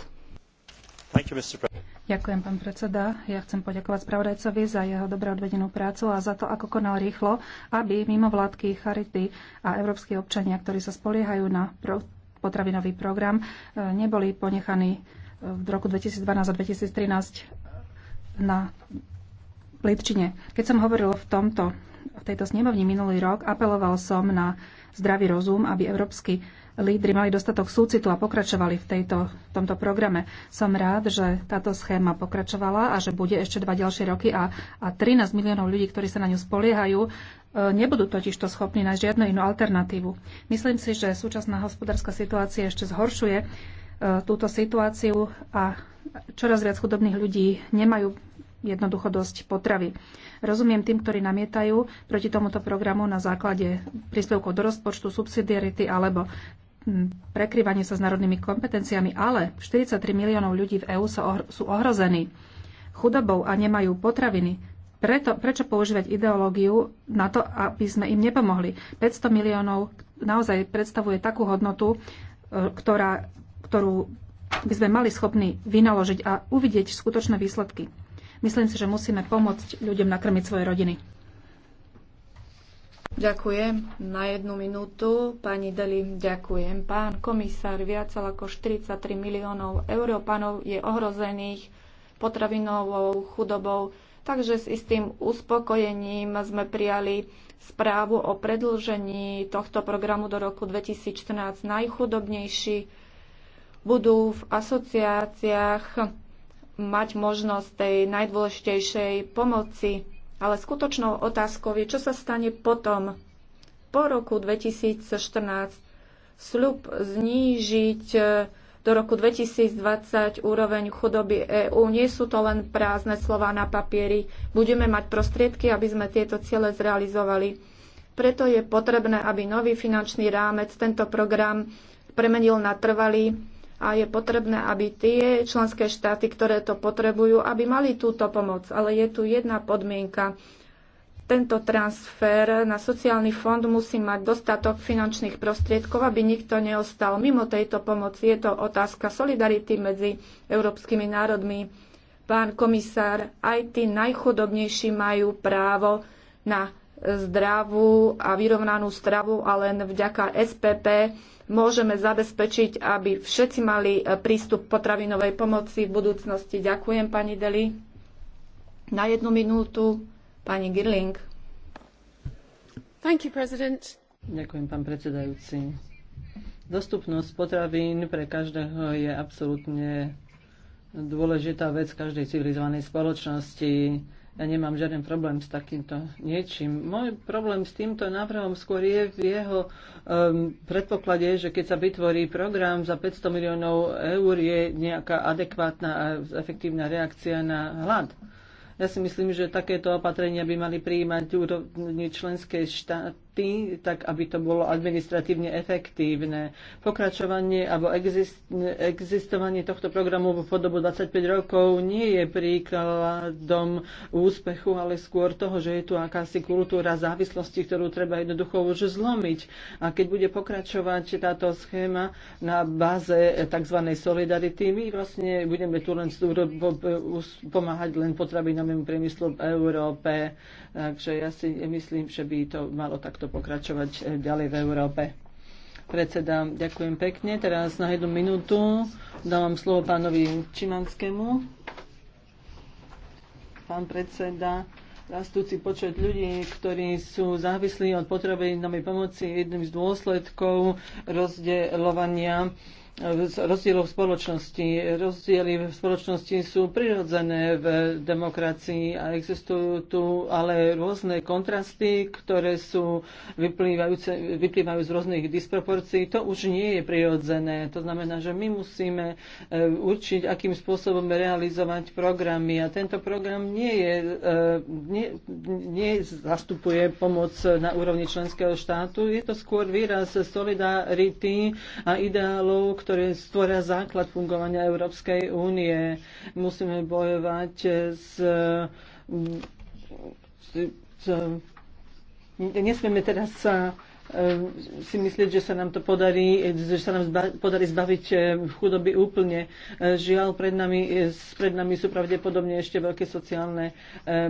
[SPEAKER 5] You, Ďakujem, pán predseda. Ja chcem poďakovať spravodajcovi za jeho dobre odvedenú prácu a za to, ako konal rýchlo, aby mimo vládky, charity a európsky občania, ktorí sa spoliehajú na potravinový program, e, neboli ponechaní e, v roku 2012 a 2013 na plitčine. Keď som hovoril v tomto v tejto snemovni minulý rok apeloval som na zdravý rozum, aby európsky lídry mali dostatok súcitu a pokračovali v tejto, v tomto programe. Som rád, že táto schéma pokračovala a že bude ešte dva ďalšie roky a, a 13 miliónov ľudí, ktorí sa na ňu spoliehajú, e, nebudú totiž to schopní nájsť žiadnu inú alternatívu. Myslím si, že súčasná hospodárska situácia ešte zhoršuje e, túto situáciu a čoraz viac chudobných ľudí nemajú jednoducho dosť potravy. Rozumiem tým, ktorí namietajú proti tomuto programu na základe príspevkov do rozpočtu, subsidiarity alebo hm, prekryvanie sa s národnými kompetenciami, ale 43 miliónov ľudí v EÚ sú ohrození chudobou a nemajú potraviny. Preto, prečo používať ideológiu na to, aby sme im nepomohli? 500 miliónov naozaj predstavuje takú hodnotu, e, ktorá, ktorú by sme mali schopní vynaložiť a uvidieť skutočné výsledky. Myslím si, že musíme pomôcť ľuďom nakrmiť svoje rodiny.
[SPEAKER 1] Ďakujem. Na jednu minútu, pani Deli, ďakujem. Pán komisár, viac ako 43 miliónov európanov je ohrozených potravinovou chudobou, takže s istým uspokojením sme prijali správu o predlžení tohto programu do roku 2014. Najchudobnejší budú v asociáciách mať možnosť tej najdôležitejšej pomoci. Ale skutočnou otázkou je, čo sa stane potom, po roku 2014. Sľub znížiť e, do roku 2020 úroveň chudoby EÚ. Nie sú to len prázdne slova na papieri. Budeme mať prostriedky, aby sme tieto ciele zrealizovali. Preto je potrebné, aby nový finančný rámec tento program premenil na trvalý a je potrebné, aby tie členské štáty, ktoré to potrebujú, aby mali túto pomoc. Ale je tu jedna podmienka. Tento transfer na sociálny fond musí mať dostatok finančných prostriedkov, aby nikto neostal mimo tejto pomoci. Je to otázka solidarity medzi európskymi národmi. Pán komisár, aj tí najchudobnejší majú právo na zdravú a vyrovnanú stravu a len vďaka SPP môžeme zabezpečiť, aby všetci mali e, prístup potravinovej pomoci v budúcnosti. Ďakujem, pani Deli. Na jednu minútu pani Girling.
[SPEAKER 3] Thank you, President. Ďakujem, pán predsedajúci. Dostupnosť potravín pre každého je absolútne dôležitá vec každej civilizovanej spoločnosti ja nemám žiaden problém s takýmto niečím. Môj problém s týmto návrhom skôr je v jeho um, predpoklade, že keď sa vytvorí program za 500 miliónov eur, je nejaká adekvátna a efektívna reakcia na hlad. Ja si myslím, že takéto opatrenia by mali prijímať úrovni členské štáty postupy, tak aby to bolo administratívne efektívne. Pokračovanie alebo exist, existovanie tohto programu v podobu 25 rokov nie je príkladom úspechu, ale skôr toho, že je tu akási kultúra závislosti, ktorú treba jednoducho už zlomiť. A keď bude pokračovať táto schéma na báze tzv. solidarity, my vlastne budeme tu len pomáhať len potravinovému priemyslu v Európe. Takže ja si myslím, že by to malo takto takto pokračovať eh, ďalej v Európe. Predseda, ďakujem pekne. Teraz na jednu minútu dávam slovo pánovi Čimanskému. Pán predseda, rastúci počet ľudí, ktorí sú závislí od potreby potrebnej pomoci, jedným z dôsledkov rozdeľovania rozdielov v spoločnosti. Rozdiely v spoločnosti sú prirodzené v demokracii a existujú tu ale rôzne kontrasty, ktoré sú vyplývajú z rôznych disproporcií. To už nie je prirodzené. To znamená, že my musíme e, určiť, akým spôsobom realizovať programy. A tento program nie, je, e, nie, nie zastupuje pomoc na úrovni členského štátu. Je to skôr výraz solidarity a ideálov, ktoré stvoria základ fungovania Európskej únie. Musíme bojovať s, s, s nesmieme teraz sa Ehm, si myslieť, že sa nám to podarí, že sa nám zba, podarí zbaviť ehm, chudoby úplne. Ehm, žiaľ, pred nami, pred nami sú pravdepodobne ešte veľké sociálne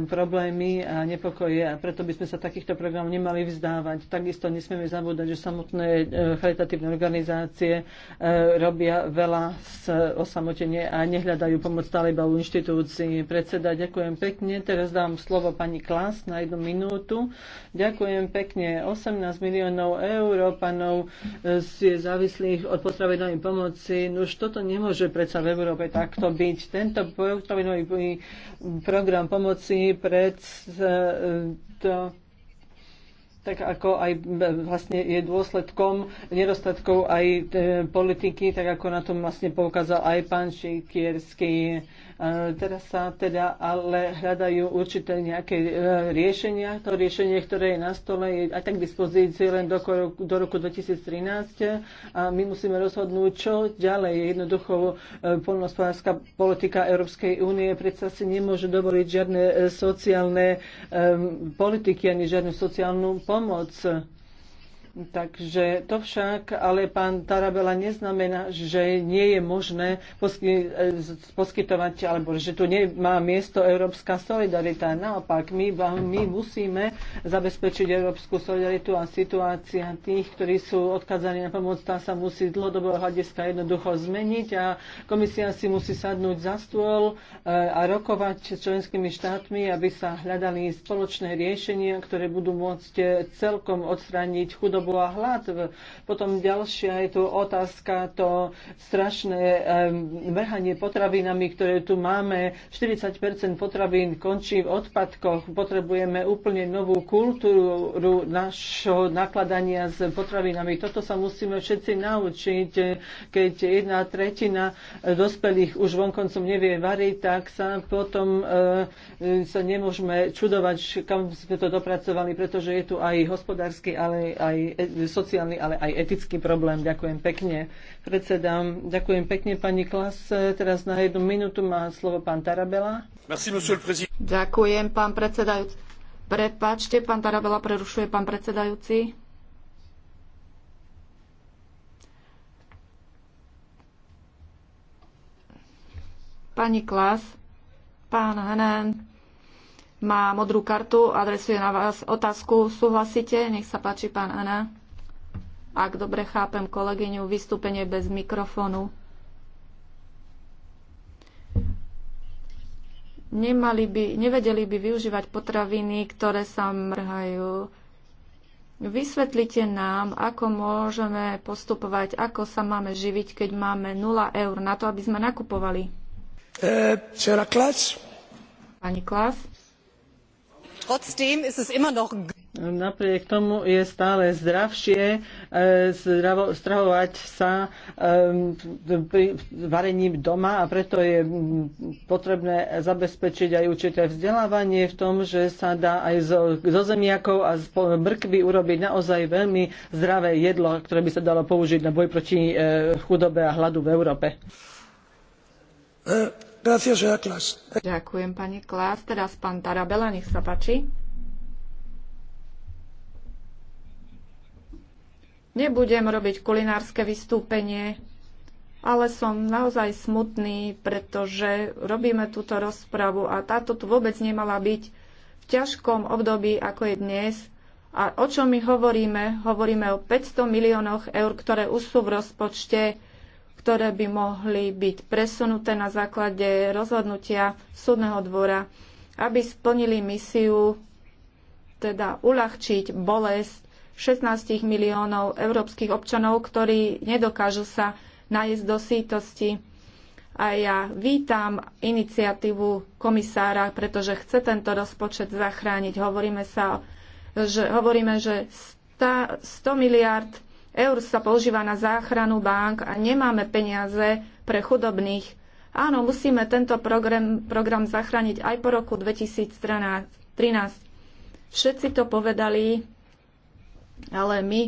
[SPEAKER 3] problémy a nepokoje a preto by sme sa takýchto programov nemali vzdávať. Takisto nesmieme zabúdať, že samotné charitatívne organizácie robia veľa z osamotenia a nehľadajú pomoc stále iba u inštitúcií. Predseda, ďakujem pekne. Teraz dám slovo pani Klas na jednu minútu. Ďakujem pekne. 18 miliónov miliónov Európanov e, je závislých od potravinovej pomoci. No Už toto nemôže predsa v Európe takto byť. Tento potravinový program pomoci pred e, to tak ako aj e, vlastne je dôsledkom nedostatkov aj e, politiky, tak ako na tom vlastne poukázal aj pán Šikierský. E, teraz sa teda ale hľadajú určité nejaké e, riešenia. To riešenie, ktoré je na stole, je aj tak k dispozícii len do, do roku 2013 a my musíme rozhodnúť, čo ďalej. Jednoducho e, polnospodárska politika Európskej únie predsa si nemôže dovoliť žiadne e, sociálne e, politiky ani žiadnu sociálnu politiku pomoc Takže to však, ale pán Tarabela neznamená, že nie je možné posky, eh, poskytovať, alebo že tu nemá miesto európska solidarita. Naopak, my, my musíme zabezpečiť európsku solidaritu a situácia tých, ktorí sú odkazaní na pomoc, tá sa musí dlhodobého hľadiska jednoducho zmeniť a komisia si musí sadnúť za stôl eh, a rokovať s členskými štátmi, aby sa hľadali spoločné riešenia, ktoré budú môcť eh, celkom odstrániť chudobu chorobu a hlad. Potom ďalšia je tu otázka, to strašné vrhanie potravinami, ktoré tu máme. 40 potravín končí v odpadkoch. Potrebujeme úplne novú kultúru našho nakladania s potravinami. Toto sa musíme všetci naučiť. Keď jedna tretina dospelých už vonkoncom nevie variť, tak sa potom sa nemôžeme čudovať, kam sme to dopracovali, pretože je tu aj hospodársky, ale aj E, sociálny, ale aj etický problém. Ďakujem pekne. Predsedám, ďakujem pekne pani Klas. E, teraz na jednu minútu má slovo pán Tarabela. Merci, ďakujem, pán predsedajúci. Prepačte,
[SPEAKER 1] pán Tarabela prerušuje pán predsedajúci. Pani Klas, pán Hanan, má modrú kartu, adresuje na vás otázku. Súhlasíte? Nech sa páči, pán Ana. Ak dobre chápem kolegyňu, vystúpenie bez mikrofónu. Nemali by, nevedeli by využívať potraviny, ktoré sa mrhajú. Vysvetlite nám, ako môžeme postupovať, ako sa máme živiť, keď máme 0 eur na to, aby sme nakupovali.
[SPEAKER 2] E,
[SPEAKER 3] Pani Klas.
[SPEAKER 5] Trotzdem ist es immer noch
[SPEAKER 3] Napriek tomu je stále zdravšie e, stravovať sa e, pri varením doma a preto je potrebné zabezpečiť aj určité vzdelávanie v tom, že sa dá aj zo, zo zemiakov a z mrkvy urobiť naozaj veľmi zdravé jedlo, ktoré by sa dalo použiť na boj proti e, chudobe a hladu v Európe. E Ďakujem,
[SPEAKER 1] pani Klás. Teraz pán Tarabela, nech sa páči. Nebudem robiť kulinárske vystúpenie, ale som naozaj smutný, pretože robíme túto rozpravu a táto tu vôbec nemala byť v ťažkom období, ako je dnes. A o čom my hovoríme? Hovoríme o 500 miliónoch eur, ktoré už sú v rozpočte ktoré by mohli byť presunuté na základe rozhodnutia súdneho dvora, aby splnili misiu teda uľahčiť bolesť 16 miliónov európskych občanov, ktorí nedokážu sa nájsť do sítosti. A ja vítam iniciatívu komisára, pretože chce tento rozpočet zachrániť. Hovoríme, sa, že, hovoríme, že 100 miliard eur sa používa na záchranu bank a nemáme peniaze pre chudobných. Áno, musíme tento program, program zachrániť aj po roku 2013. Všetci to povedali, ale my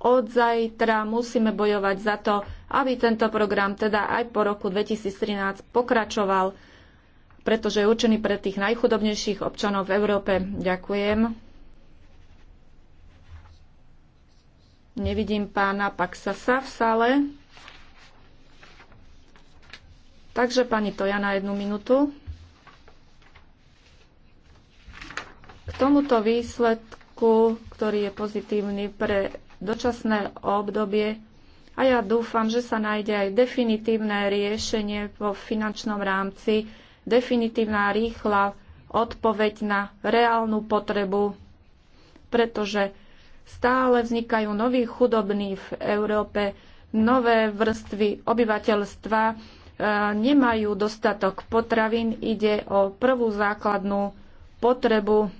[SPEAKER 1] od zajtra musíme bojovať za to, aby tento program teda aj po roku 2013 pokračoval, pretože je určený pre tých najchudobnejších občanov v Európe. Ďakujem. Nevidím pána Paksasa v sále. Takže pani Toja na jednu minútu. K tomuto výsledku, ktorý je pozitívny pre dočasné obdobie, a ja dúfam, že sa nájde aj definitívne riešenie vo finančnom rámci, definitívna rýchla odpoveď na reálnu potrebu, pretože Stále vznikajú noví chudobní v Európe, nové vrstvy obyvateľstva e, nemajú dostatok potravín, ide o prvú základnú potrebu.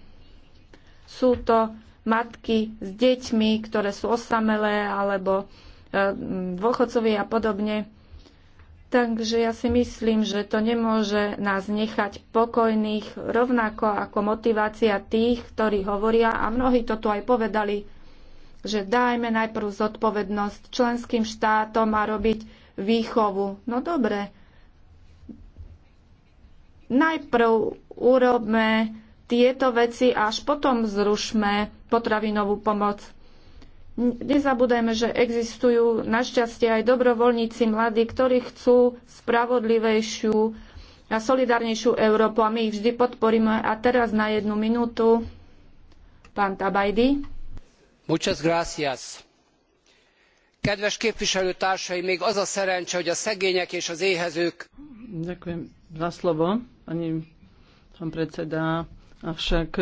[SPEAKER 1] Sú to matky s deťmi, ktoré sú osamelé, alebo e, dôchodcovia a podobne Takže ja si myslím, že to nemôže nás nechať pokojných, rovnako ako motivácia tých, ktorí hovoria, a mnohí to tu aj povedali, že dajme najprv zodpovednosť členským štátom a robiť výchovu. No dobre, najprv urobme tieto veci, a až potom zrušme potravinovú pomoc. Nezabúdajme, že existujú našťastie aj dobrovoľníci mladí, ktorí chcú spravodlivejšiu a solidárnejšiu Európu a my ich vždy podporíme. A teraz na jednu minútu pán Tabajdi.
[SPEAKER 2] Muchas gracias. Kedves képviselőtársaim, még az a szerencse, hogy a szegények és az éhezők...
[SPEAKER 3] Ďakujem za slovo, pani pán predseda. Avšak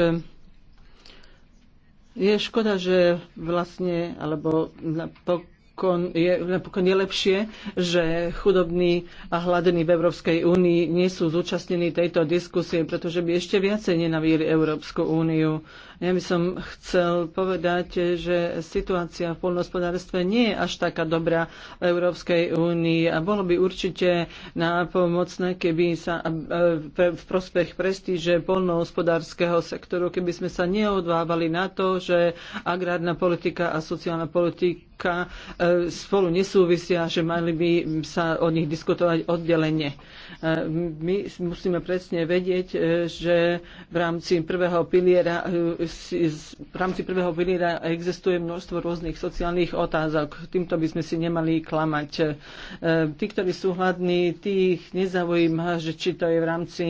[SPEAKER 3] je škoda, že vlastne, alebo napokon je, napokon je lepšie, že chudobní a hladení v Európskej únii nie sú zúčastnení tejto diskusie, pretože by ešte viacej nenavírili Európsku úniu. Ja by som chcel povedať, že situácia v poľnohospodárstve nie je až taká dobrá v Európskej únii a bolo by určite nápomocné, keby sa v prospech prestíže poľnohospodárskeho sektoru, keby sme sa neodvávali na to, že agrárna politika a sociálna politika e, spolu nesúvisia, že mali by sa o nich diskutovať oddelenie. E, my musíme presne vedieť, e, že v rámci prvého piliera, e, v rámci prvého piliera existuje množstvo rôznych sociálnych otázok. Týmto by sme si nemali klamať. Tí, ktorí sú hladní, tých nezaujíma, že či to je v rámci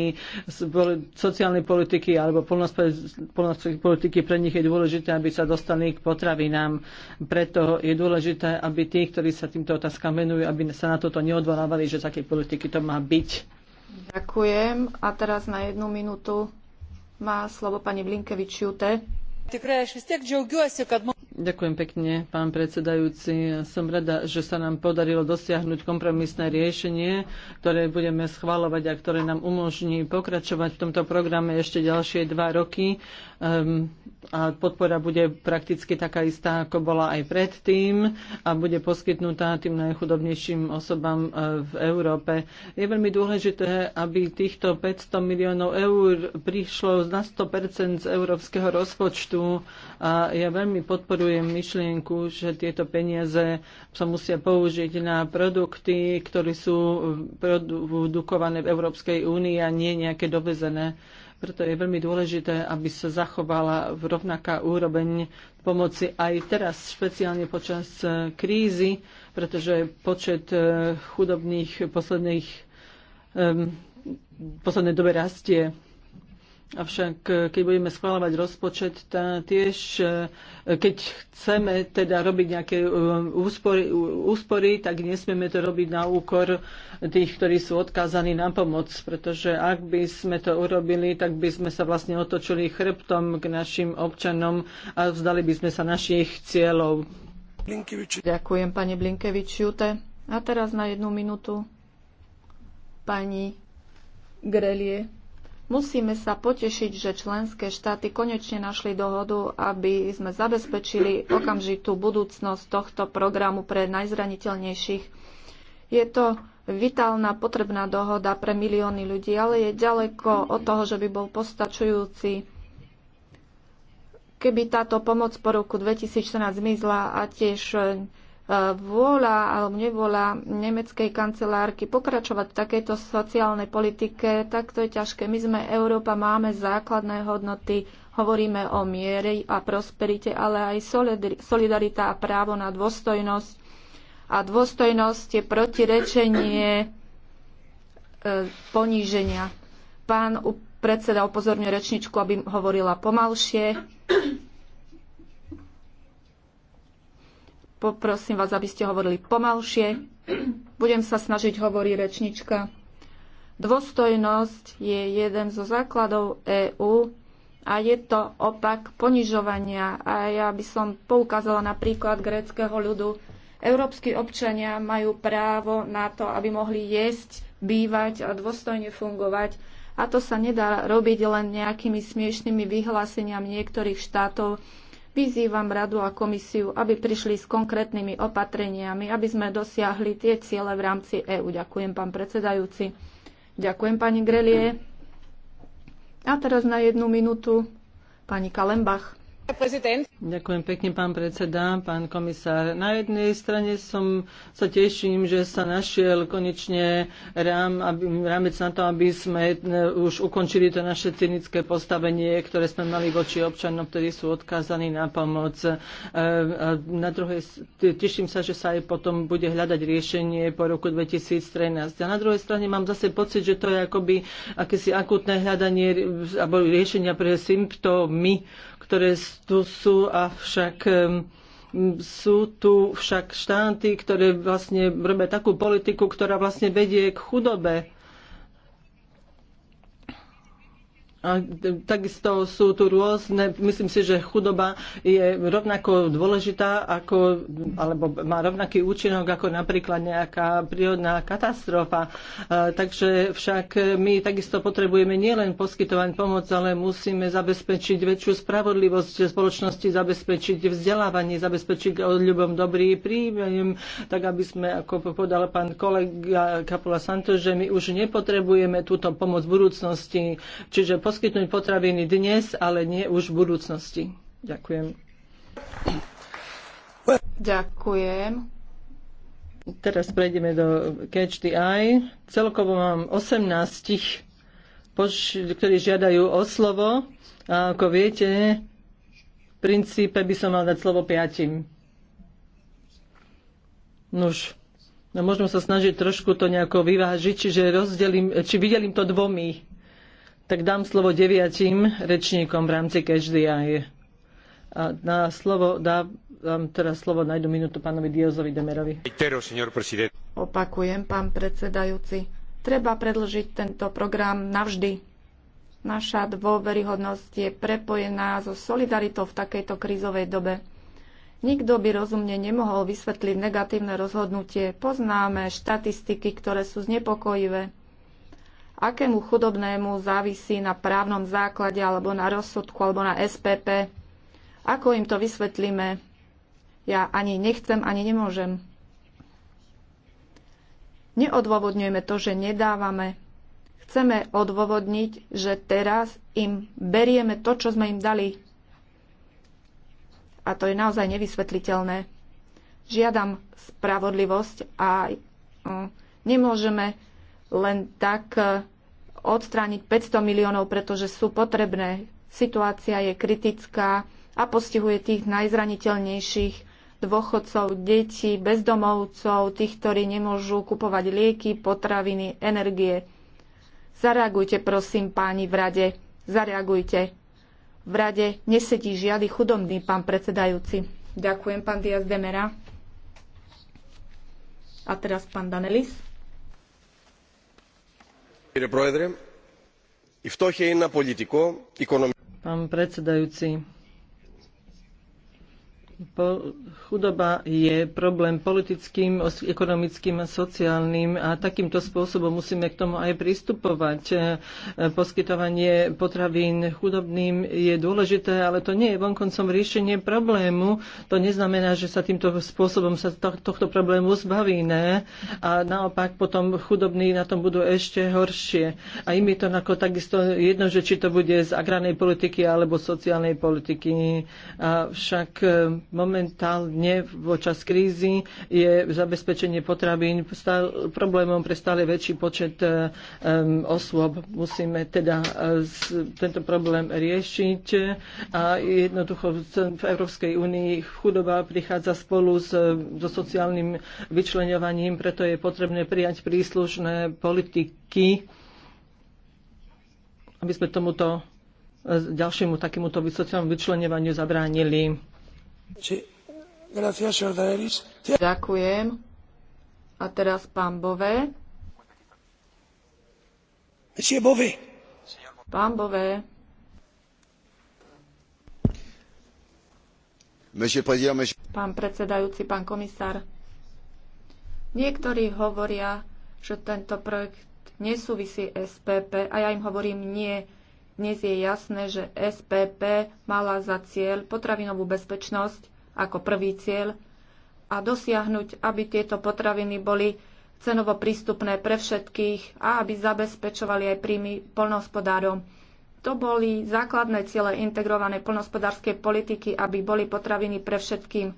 [SPEAKER 3] sociálnej politiky alebo polnospodárskej politiky. Pre nich je dôležité, aby sa dostali k potravinám. Preto je dôležité, aby tí, ktorí sa týmto otázkam venujú, aby sa na toto neodvolávali, že také politiky to má byť urobiť. Ďakujem.
[SPEAKER 1] A teraz na jednu minútu má slovo pani Blinkevičiute.
[SPEAKER 3] Ďakujem pekne, pán predsedajúci. Som rada, že sa nám podarilo dosiahnuť kompromisné riešenie, ktoré budeme schvalovať a ktoré nám umožní pokračovať v tomto programe ešte ďalšie dva roky. Um, a podpora bude prakticky taká istá, ako bola aj predtým a bude poskytnutá tým najchudobnejším osobám e, v Európe. Je veľmi dôležité, aby týchto 500 miliónov eur prišlo na 100% z európskeho rozpočtu a ja veľmi podporujem podporujem myšlienku, že tieto peniaze sa musia použiť na produkty, ktoré sú produkované v Európskej únii a nie nejaké dovezené. Preto je veľmi dôležité, aby sa zachovala rovnaká úroveň pomoci aj teraz, špeciálne počas e, krízy, pretože počet e, chudobných posledných, um, dobe rastie. Avšak e, keď budeme schváľovať rozpočet, tá tiež, e, keď chceme teda robiť nejaké e, úspory, úspory, tak nesmieme to robiť na úkor tých, ktorí sú odkázaní na pomoc, pretože ak by sme to urobili, tak by sme sa vlastne otočili chrbtom k našim občanom a vzdali by sme sa našich cieľov. Blinkeviči. Ďakujem pani
[SPEAKER 1] Jute. A teraz na jednu minútu pani Grelie. Musíme sa potešiť, že členské štáty konečne našli dohodu, aby sme zabezpečili okamžitú budúcnosť tohto programu pre najzraniteľnejších. Je to vitálna potrebná dohoda pre milióny ľudí, ale je ďaleko od toho, že by bol postačujúci. Keby táto pomoc po roku 2014 zmizla a tiež vôľa alebo nevôľa nemeckej kancelárky pokračovať v takejto sociálnej politike, tak to je ťažké. My sme Európa, máme základné hodnoty, hovoríme o miere a prosperite, ale aj solidarita a právo na dôstojnosť. A dôstojnosť je protirečenie e, poníženia. Pán predseda upozorňuje rečničku, aby hovorila pomalšie. Poprosím vás, aby ste hovorili pomalšie. Budem sa snažiť, hovorí rečnička. Dôstojnosť je jeden zo základov EÚ a je to opak ponižovania. A ja by som poukázala na príklad gréckého ľudu. Európsky občania majú právo na to, aby mohli jesť, bývať a dôstojne fungovať. A to sa nedá robiť len nejakými smiešnými vyhláseniami niektorých štátov, Vyzývam radu a komisiu, aby prišli s konkrétnymi opatreniami, aby sme dosiahli tie ciele v rámci EÚ. Ďakujem, pán predsedajúci. Ďakujem, pani Grelie. A teraz na jednu minútu pani Kalembach.
[SPEAKER 3] Ďakujem pekne, pán predseda, pán komisár. Na jednej strane som sa teším, že sa našiel konečne rám, aby, rámec na to, aby sme e, už ukončili to naše cynické postavenie, ktoré sme mali voči občanom, ktorí sú odkázaní na pomoc. E, na druhej, teším sa, že sa aj potom bude hľadať riešenie po roku 2013. A na druhej strane mám zase pocit, že to je akoby akési akutné hľadanie alebo riešenia pre symptómy, ktoré tu sú, a však sú tu však štáty, ktoré vlastne robia takú politiku, ktorá vlastne vedie k chudobe. A takisto sú tu rôzne, myslím si, že chudoba je rovnako dôležitá, ako, alebo má rovnaký účinok ako napríklad nejaká prírodná katastrofa. Takže však my takisto potrebujeme nielen poskytovať pomoc, ale musíme zabezpečiť väčšiu spravodlivosť spoločnosti, zabezpečiť vzdelávanie, zabezpečiť ľuďom dobrý príjem, tak aby sme, ako povedal pán kolega Kapula Santo, že my už nepotrebujeme túto pomoc v budúcnosti. Čiže poskytnúť potraviny dnes, ale nie už v budúcnosti. Ďakujem. Ďakujem. Teraz prejdeme do Catch the Eye. Celkovo mám 18 ktorí žiadajú o slovo. A ako viete, v princípe by som mal dať slovo piatim. Nuž, no možno sa snažiť trošku to nejako vyvážiť, čiže rozdelím, či vydelím to dvomi tak dám slovo deviatim rečníkom v rámci aj. A na slovo dám dám teraz slovo na jednu minútu pánovi Diozovi Demerovi. Opakujem, pán predsedajúci. Treba predlžiť tento program
[SPEAKER 1] navždy. Naša dôveryhodnosť je prepojená so solidaritou v takejto krízovej dobe. Nikto by rozumne nemohol vysvetliť negatívne rozhodnutie. Poznáme štatistiky, ktoré sú znepokojivé akému chudobnému závisí na právnom základe alebo na rozsudku alebo na SPP. Ako im to vysvetlíme? Ja ani nechcem, ani nemôžem. Neodôvodňujeme to, že nedávame. Chceme odôvodniť, že teraz im berieme to, čo sme im dali. A to je naozaj nevysvetliteľné. Žiadam spravodlivosť a mm, nemôžeme len tak e, odstrániť 500 miliónov, pretože sú potrebné. Situácia je kritická a postihuje tých najzraniteľnejších dôchodcov, detí, bezdomovcov, tých, ktorí nemôžu kupovať lieky, potraviny, energie. Zareagujte, prosím, páni v rade. Zareagujte. V rade nesedí žiady chudobný, pán predsedajúci. Ďakujem, pán Diaz Demera.
[SPEAKER 3] A teraz pán Danelis. Pán predsedajúci, chudoba je problém politickým, ekonomickým a sociálnym a takýmto spôsobom musíme k tomu aj pristupovať. E, poskytovanie potravín chudobným je dôležité, ale to nie je vonkoncom riešenie problému. To neznamená, že sa týmto spôsobom sa tohto problému zbaví, ne? A naopak potom chudobní na tom budú ešte horšie. A im je to ako takisto jedno, že či to bude z agrárnej politiky alebo sociálnej politiky. Avšak e, momentálne počas krízy je zabezpečenie potravín problémom pre stále väčší počet e, osôb. Musíme teda e, tento problém riešiť a jednoducho v Európskej únii chudoba prichádza spolu s, so sociálnym vyčlenovaním, preto je potrebné prijať príslušné politiky, aby sme tomuto e, ďalšiemu takémuto sociálnemu vyčlenovaniu zabránili. Ďakujem.
[SPEAKER 1] A teraz pán Bové. Bové. Pán Bové. Pán predsedajúci, pán komisár. Niektorí hovoria, že tento projekt nesúvisí SPP a ja im hovorím nie dnes je jasné, že SPP mala za cieľ potravinovú bezpečnosť ako prvý cieľ a dosiahnuť, aby tieto potraviny boli cenovo prístupné pre všetkých a aby zabezpečovali aj príjmy poľnohospodárom. To boli základné ciele integrovanej polnohospodárskej politiky, aby boli potraviny pre všetkým.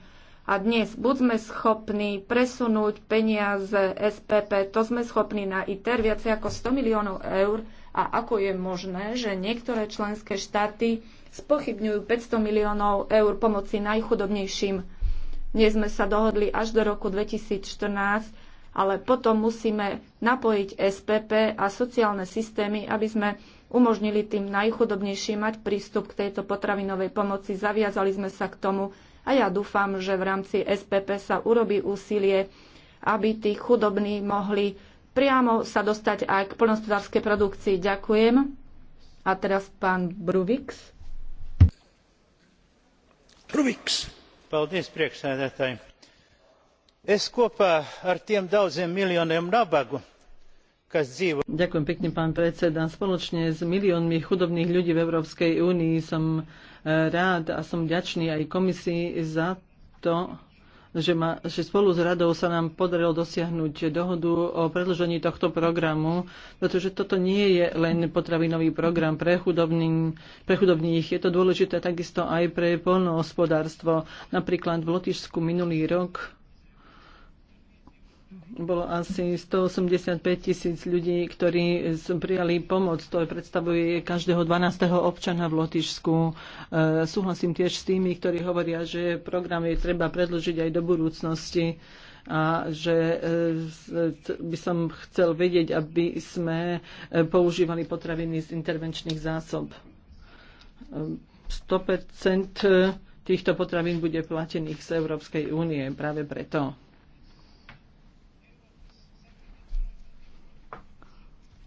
[SPEAKER 1] A dnes buď sme schopní presunúť peniaze SPP, to sme schopní na ITER viacej ako 100 miliónov eur, a ako je možné, že niektoré členské štáty spochybňujú 500 miliónov eur pomoci najchudobnejším. Nie sme sa dohodli až do roku 2014, ale potom musíme napojiť SPP a sociálne systémy, aby sme umožnili tým najchudobnejším mať prístup k tejto potravinovej pomoci. Zaviazali sme sa k tomu a ja dúfam, že v rámci SPP sa urobí úsilie, aby tí chudobní mohli priamo sa dostať aj k plnospodárskej produkcii. Ďakujem. A teraz pán Bruvix.
[SPEAKER 2] Bruvix. Paldies, priekšsēdētāji. Es kopā ar
[SPEAKER 4] tiem daudziem miliónem nabagu,
[SPEAKER 3] Ďakujem pekne, pán predseda. Spoločne s miliónmi chudobných ľudí v Európskej únii som eh, rád a som vďačný aj komisii za to, že, ma, že spolu s radou sa nám podarilo dosiahnuť dohodu o predlžení tohto programu, pretože toto nie je len potravinový program pre, pre chudobných. Je to dôležité takisto aj pre polnohospodárstvo. Napríklad v Lotyšsku minulý rok bolo asi 185 tisíc ľudí, ktorí prijali pomoc. To predstavuje každého 12. občana v Lotyšsku. E, súhlasím tiež s tými, ktorí hovoria, že program je treba predložiť aj do budúcnosti a že e, by som chcel vedieť, aby sme e, používali potraviny z intervenčných zásob. 100% týchto potravín bude platených z Európskej únie práve preto.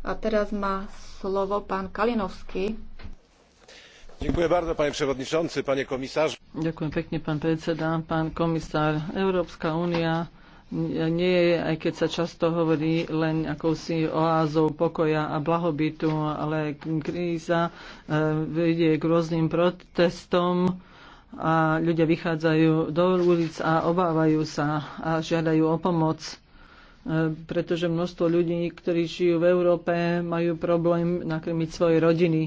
[SPEAKER 1] a teraz má slovo pán Kalinowski.
[SPEAKER 4] Dziękuję bardzo, panie przewodniczący, panie komisarzu.
[SPEAKER 3] Ďakujem pekne, pán predseda, pán komisár. Európska únia nie je, aj keď sa často hovorí len akousi oázou pokoja a blahobytu, ale kríza eh, vedie k rôznym protestom a ľudia vychádzajú do ulic a obávajú sa a žiadajú o pomoc. E, pretože množstvo ľudí, ktorí žijú v Európe, majú problém nakrmiť svoje rodiny.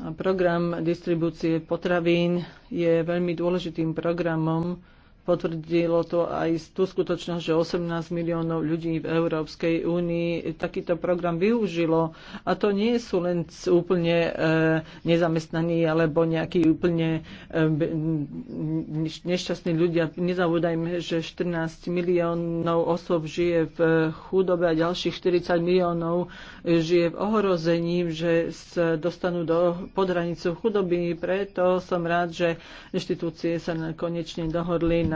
[SPEAKER 3] A program distribúcie potravín je veľmi dôležitým programom, Potvrdilo to aj tú skutočnosť, že 18 miliónov ľudí v Európskej únii takýto program využilo. A to nie sú len úplne eh, nezamestnaní alebo nejakí úplne eh, nešťastní ľudia. Nezavúdajme, že 14 miliónov osob žije v eh, chudobe a ďalších 40 miliónov žije v ohrození, že sa dostanú do pod chudoby. Preto som rád, že inštitúcie sa konečne dohodli na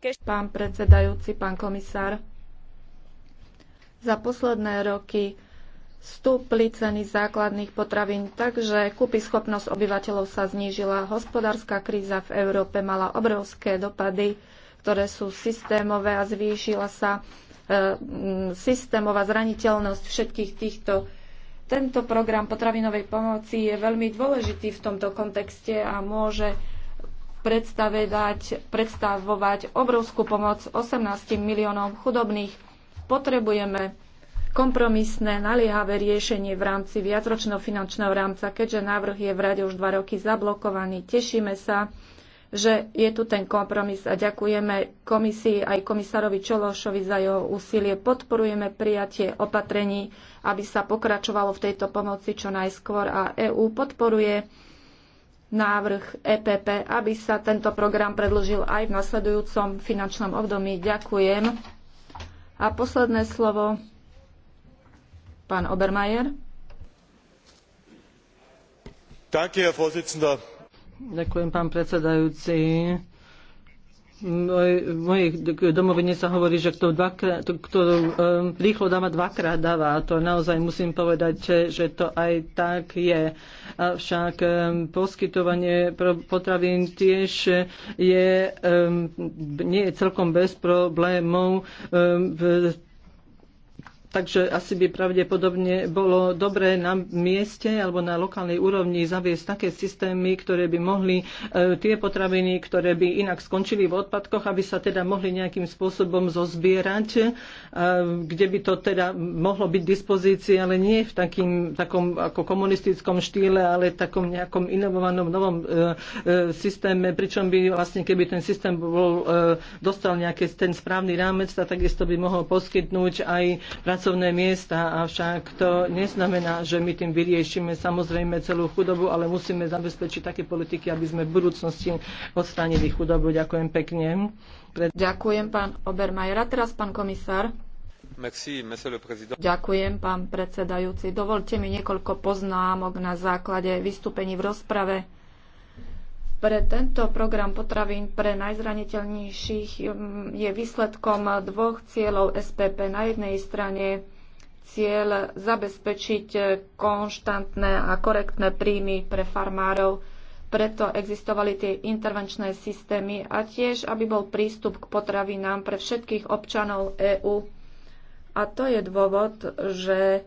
[SPEAKER 1] Pán predsedajúci, pán komisár, za posledné roky stúpli ceny základných potravín, takže schopnosť obyvateľov sa znížila. Hospodárska kríza v Európe mala obrovské dopady, ktoré sú systémové a zvýšila sa e, systémová zraniteľnosť všetkých týchto. Tento program potravinovej pomoci je veľmi dôležitý v tomto kontexte a môže predstavovať obrovskú pomoc 18 miliónov chudobných. Potrebujeme kompromisné naliehavé riešenie v rámci viacročného finančného rámca, keďže návrh je v rade už dva roky zablokovaný. Tešíme sa, že je tu ten kompromis a ďakujeme komisii aj komisárovi Čološovi za jeho úsilie. Podporujeme prijatie opatrení, aby sa pokračovalo v tejto pomoci čo najskôr a EÚ podporuje návrh EPP, aby sa tento program predložil aj v nasledujúcom finančnom období. Ďakujem. A posledné slovo pán Obermajer.
[SPEAKER 3] Ďakujem, pán predsedajúci v mojej domovine sa hovorí, že kto, dvakrát, kto um, rýchlo dáva, dvakrát dáva. A to naozaj musím povedať, že to aj tak je. Avšak um, poskytovanie potravín tiež je, um, nie je celkom bez problémov v Takže asi by pravdepodobne bolo dobré na mieste alebo na lokálnej úrovni zaviesť také systémy, ktoré by mohli e, tie potraviny, ktoré by inak skončili v odpadkoch, aby sa teda mohli nejakým spôsobom zozbierať, e, kde by to teda mohlo byť dispozícii, ale nie v takým, takom ako komunistickom štýle, ale takom nejakom inovovanom novom e, e, systéme, pričom by vlastne, keby ten systém bol, e, dostal nejaký ten správny rámec, tak takisto by mohol poskytnúť aj pracovné miesta, avšak to neznamená, že my tým vyriešime samozrejme celú chudobu, ale musíme zabezpečiť také politiky, aby sme v budúcnosti odstránili chudobu. Ďakujem pekne. Pre... Ďakujem, pán Obermajer. teraz pán komisár.
[SPEAKER 4] Merci, Ďakujem,
[SPEAKER 1] pán predsedajúci. Dovolte mi niekoľko poznámok na základe vystúpení v rozprave pre tento program potravín pre najzraniteľnejších um, je výsledkom dvoch cieľov SPP. Na jednej strane cieľ zabezpečiť konštantné a korektné príjmy pre farmárov, preto existovali tie intervenčné systémy a tiež, aby bol prístup k potravinám pre všetkých občanov EÚ. A to je dôvod, že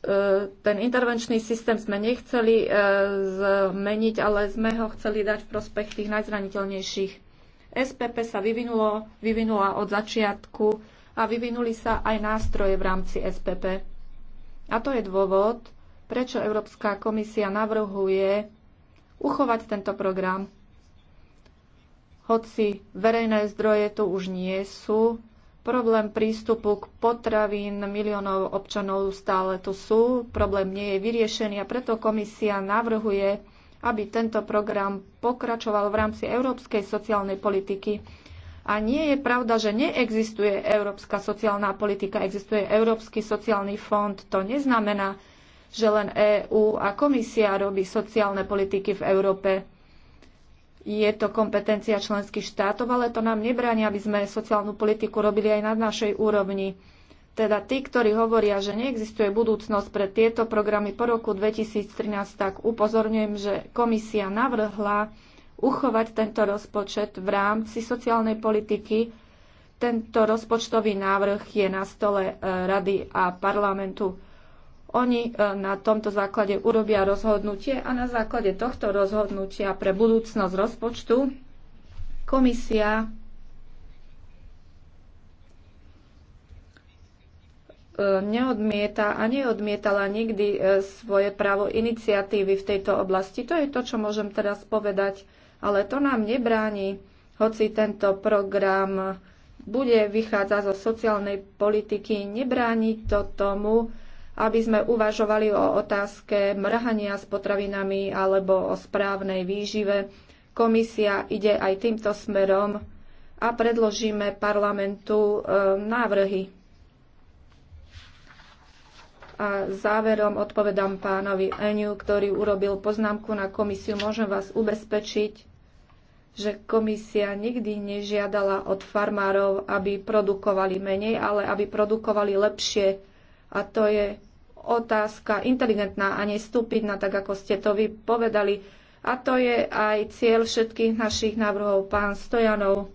[SPEAKER 1] E, ten intervenčný systém sme nechceli e, zmeniť, ale sme ho chceli dať v prospech tých najzraniteľnejších. SPP sa vyvinulo, vyvinula od začiatku a vyvinuli sa aj nástroje v rámci SPP. A to je dôvod, prečo Európska komisia navrhuje uchovať tento program. Hoci verejné zdroje tu už nie sú, Problém prístupu k potravín miliónov občanov stále tu sú, problém nie je vyriešený a preto komisia navrhuje, aby tento program pokračoval v rámci európskej sociálnej politiky. A nie je pravda, že neexistuje európska sociálna politika, existuje Európsky sociálny fond. To neznamená, že len EÚ a komisia robí sociálne politiky v Európe. Je to kompetencia členských štátov, ale to nám nebráni, aby sme sociálnu politiku robili aj na našej úrovni. Teda tí, ktorí hovoria, že neexistuje budúcnosť pre tieto programy po roku 2013, tak upozorňujem, že komisia navrhla uchovať tento rozpočet v rámci sociálnej politiky. Tento rozpočtový návrh je na stole eh, Rady a parlamentu. Oni e, na tomto základe urobia rozhodnutie a na základe tohto rozhodnutia pre budúcnosť rozpočtu komisia e, neodmieta a neodmietala nikdy e, svoje právo iniciatívy v tejto oblasti. To je to, čo môžem teraz povedať, ale to nám nebráni, hoci tento program bude vychádzať zo sociálnej politiky, nebráni to tomu, aby sme uvažovali o otázke mrhania s potravinami alebo o správnej výžive. Komisia ide aj týmto smerom a predložíme parlamentu e, návrhy. A záverom odpovedám pánovi Eniu, ktorý urobil poznámku na komisiu. Môžem vás ubezpečiť, že komisia nikdy nežiadala od farmárov, aby produkovali menej, ale aby produkovali lepšie a to je otázka inteligentná a nestúpidná, tak ako ste to vy povedali. A to je aj cieľ všetkých našich návrhov, pán Stojanov.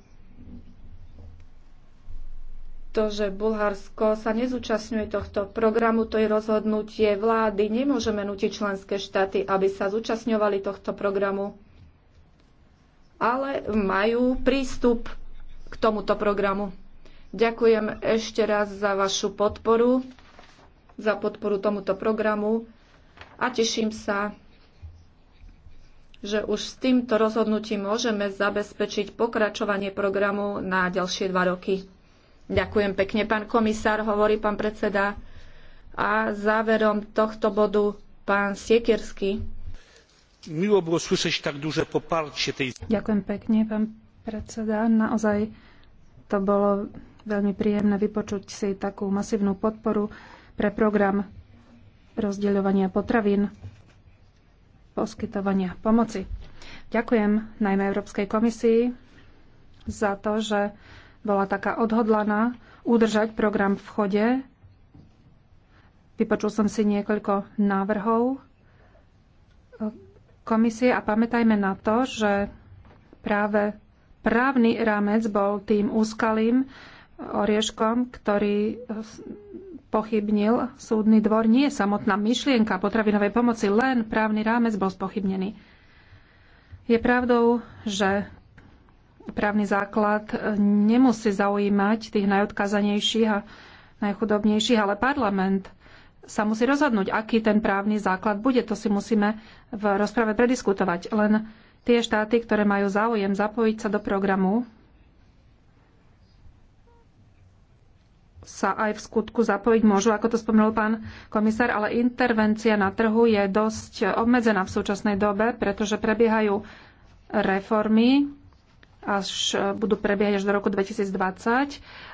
[SPEAKER 1] To, že Bulharsko sa nezúčastňuje tohto programu, to je rozhodnutie vlády. Nemôžeme nutiť členské štáty, aby sa zúčastňovali tohto programu, ale majú prístup k tomuto programu. Ďakujem ešte raz za vašu podporu za podporu tomuto programu a teším sa, že už s týmto rozhodnutím môžeme zabezpečiť pokračovanie programu na ďalšie dva roky. Ďakujem pekne, pán komisár, hovorí pán predseda. A záverom tohto bodu pán
[SPEAKER 5] Siekierský.
[SPEAKER 2] Milo bolo slyšať tak duže tej...
[SPEAKER 5] Ďakujem pekne, pán predseda. Naozaj to bolo veľmi príjemné vypočuť si takú masívnu podporu pre program rozdeľovania potravín, poskytovania pomoci. Ďakujem najmä Európskej komisii za to, že bola taká odhodlaná udržať program v chode. Vypočul som si niekoľko návrhov komisie a pamätajme na to, že práve právny rámec bol tým úskalým orieškom, ktorý spochybnil súdny dvor. Nie samotná myšlienka potravinovej pomoci, len právny rámec bol spochybnený. Je pravdou, že právny základ nemusí zaujímať tých najodkazanejších a najchudobnejších, ale parlament sa musí rozhodnúť, aký ten právny základ bude. To si musíme v rozprave prediskutovať. Len tie štáty, ktoré majú záujem zapojiť sa do programu, sa aj v skutku zapojiť môžu, ako to spomenul pán komisár, ale intervencia na trhu je dosť obmedzená v súčasnej dobe, pretože prebiehajú reformy, až budú prebiehať až do roku 2020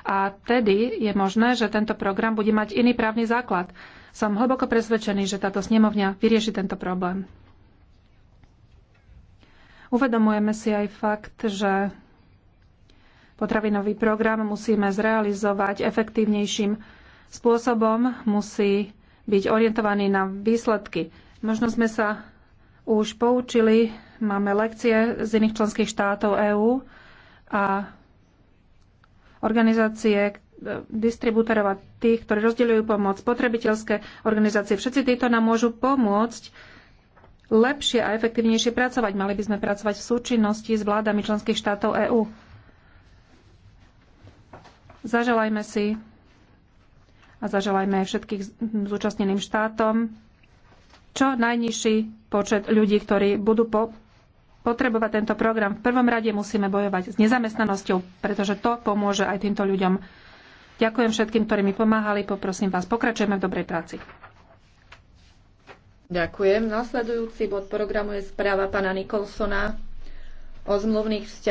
[SPEAKER 5] a tedy je možné, že tento program bude mať iný právny základ. Som hlboko presvedčený, že táto snemovňa vyrieši tento problém. Uvedomujeme si aj fakt, že potravinový program musíme zrealizovať efektívnejším spôsobom, musí byť orientovaný na výsledky. Možno sme sa už poučili, máme lekcie z iných členských štátov EÚ a organizácie e, distribútorov a tých, ktorí rozdeľujú pomoc, potrebiteľské organizácie, všetci títo nám môžu pomôcť lepšie a efektívnejšie pracovať. Mali by sme pracovať v súčinnosti s vládami členských štátov EÚ. Zaželajme si a zaželajme aj všetkých zúčastneným štátom čo najnižší počet ľudí, ktorí budú po potrebovať tento program. V prvom rade musíme bojovať s nezamestnanosťou, pretože to pomôže aj týmto ľuďom. Ďakujem všetkým, ktorí mi pomáhali. Poprosím vás, pokračujeme v dobrej práci.
[SPEAKER 1] Ďakujem.
[SPEAKER 3] Nasledujúci bod programu je správa pana Nikolsona o zmluvných vzťahoch.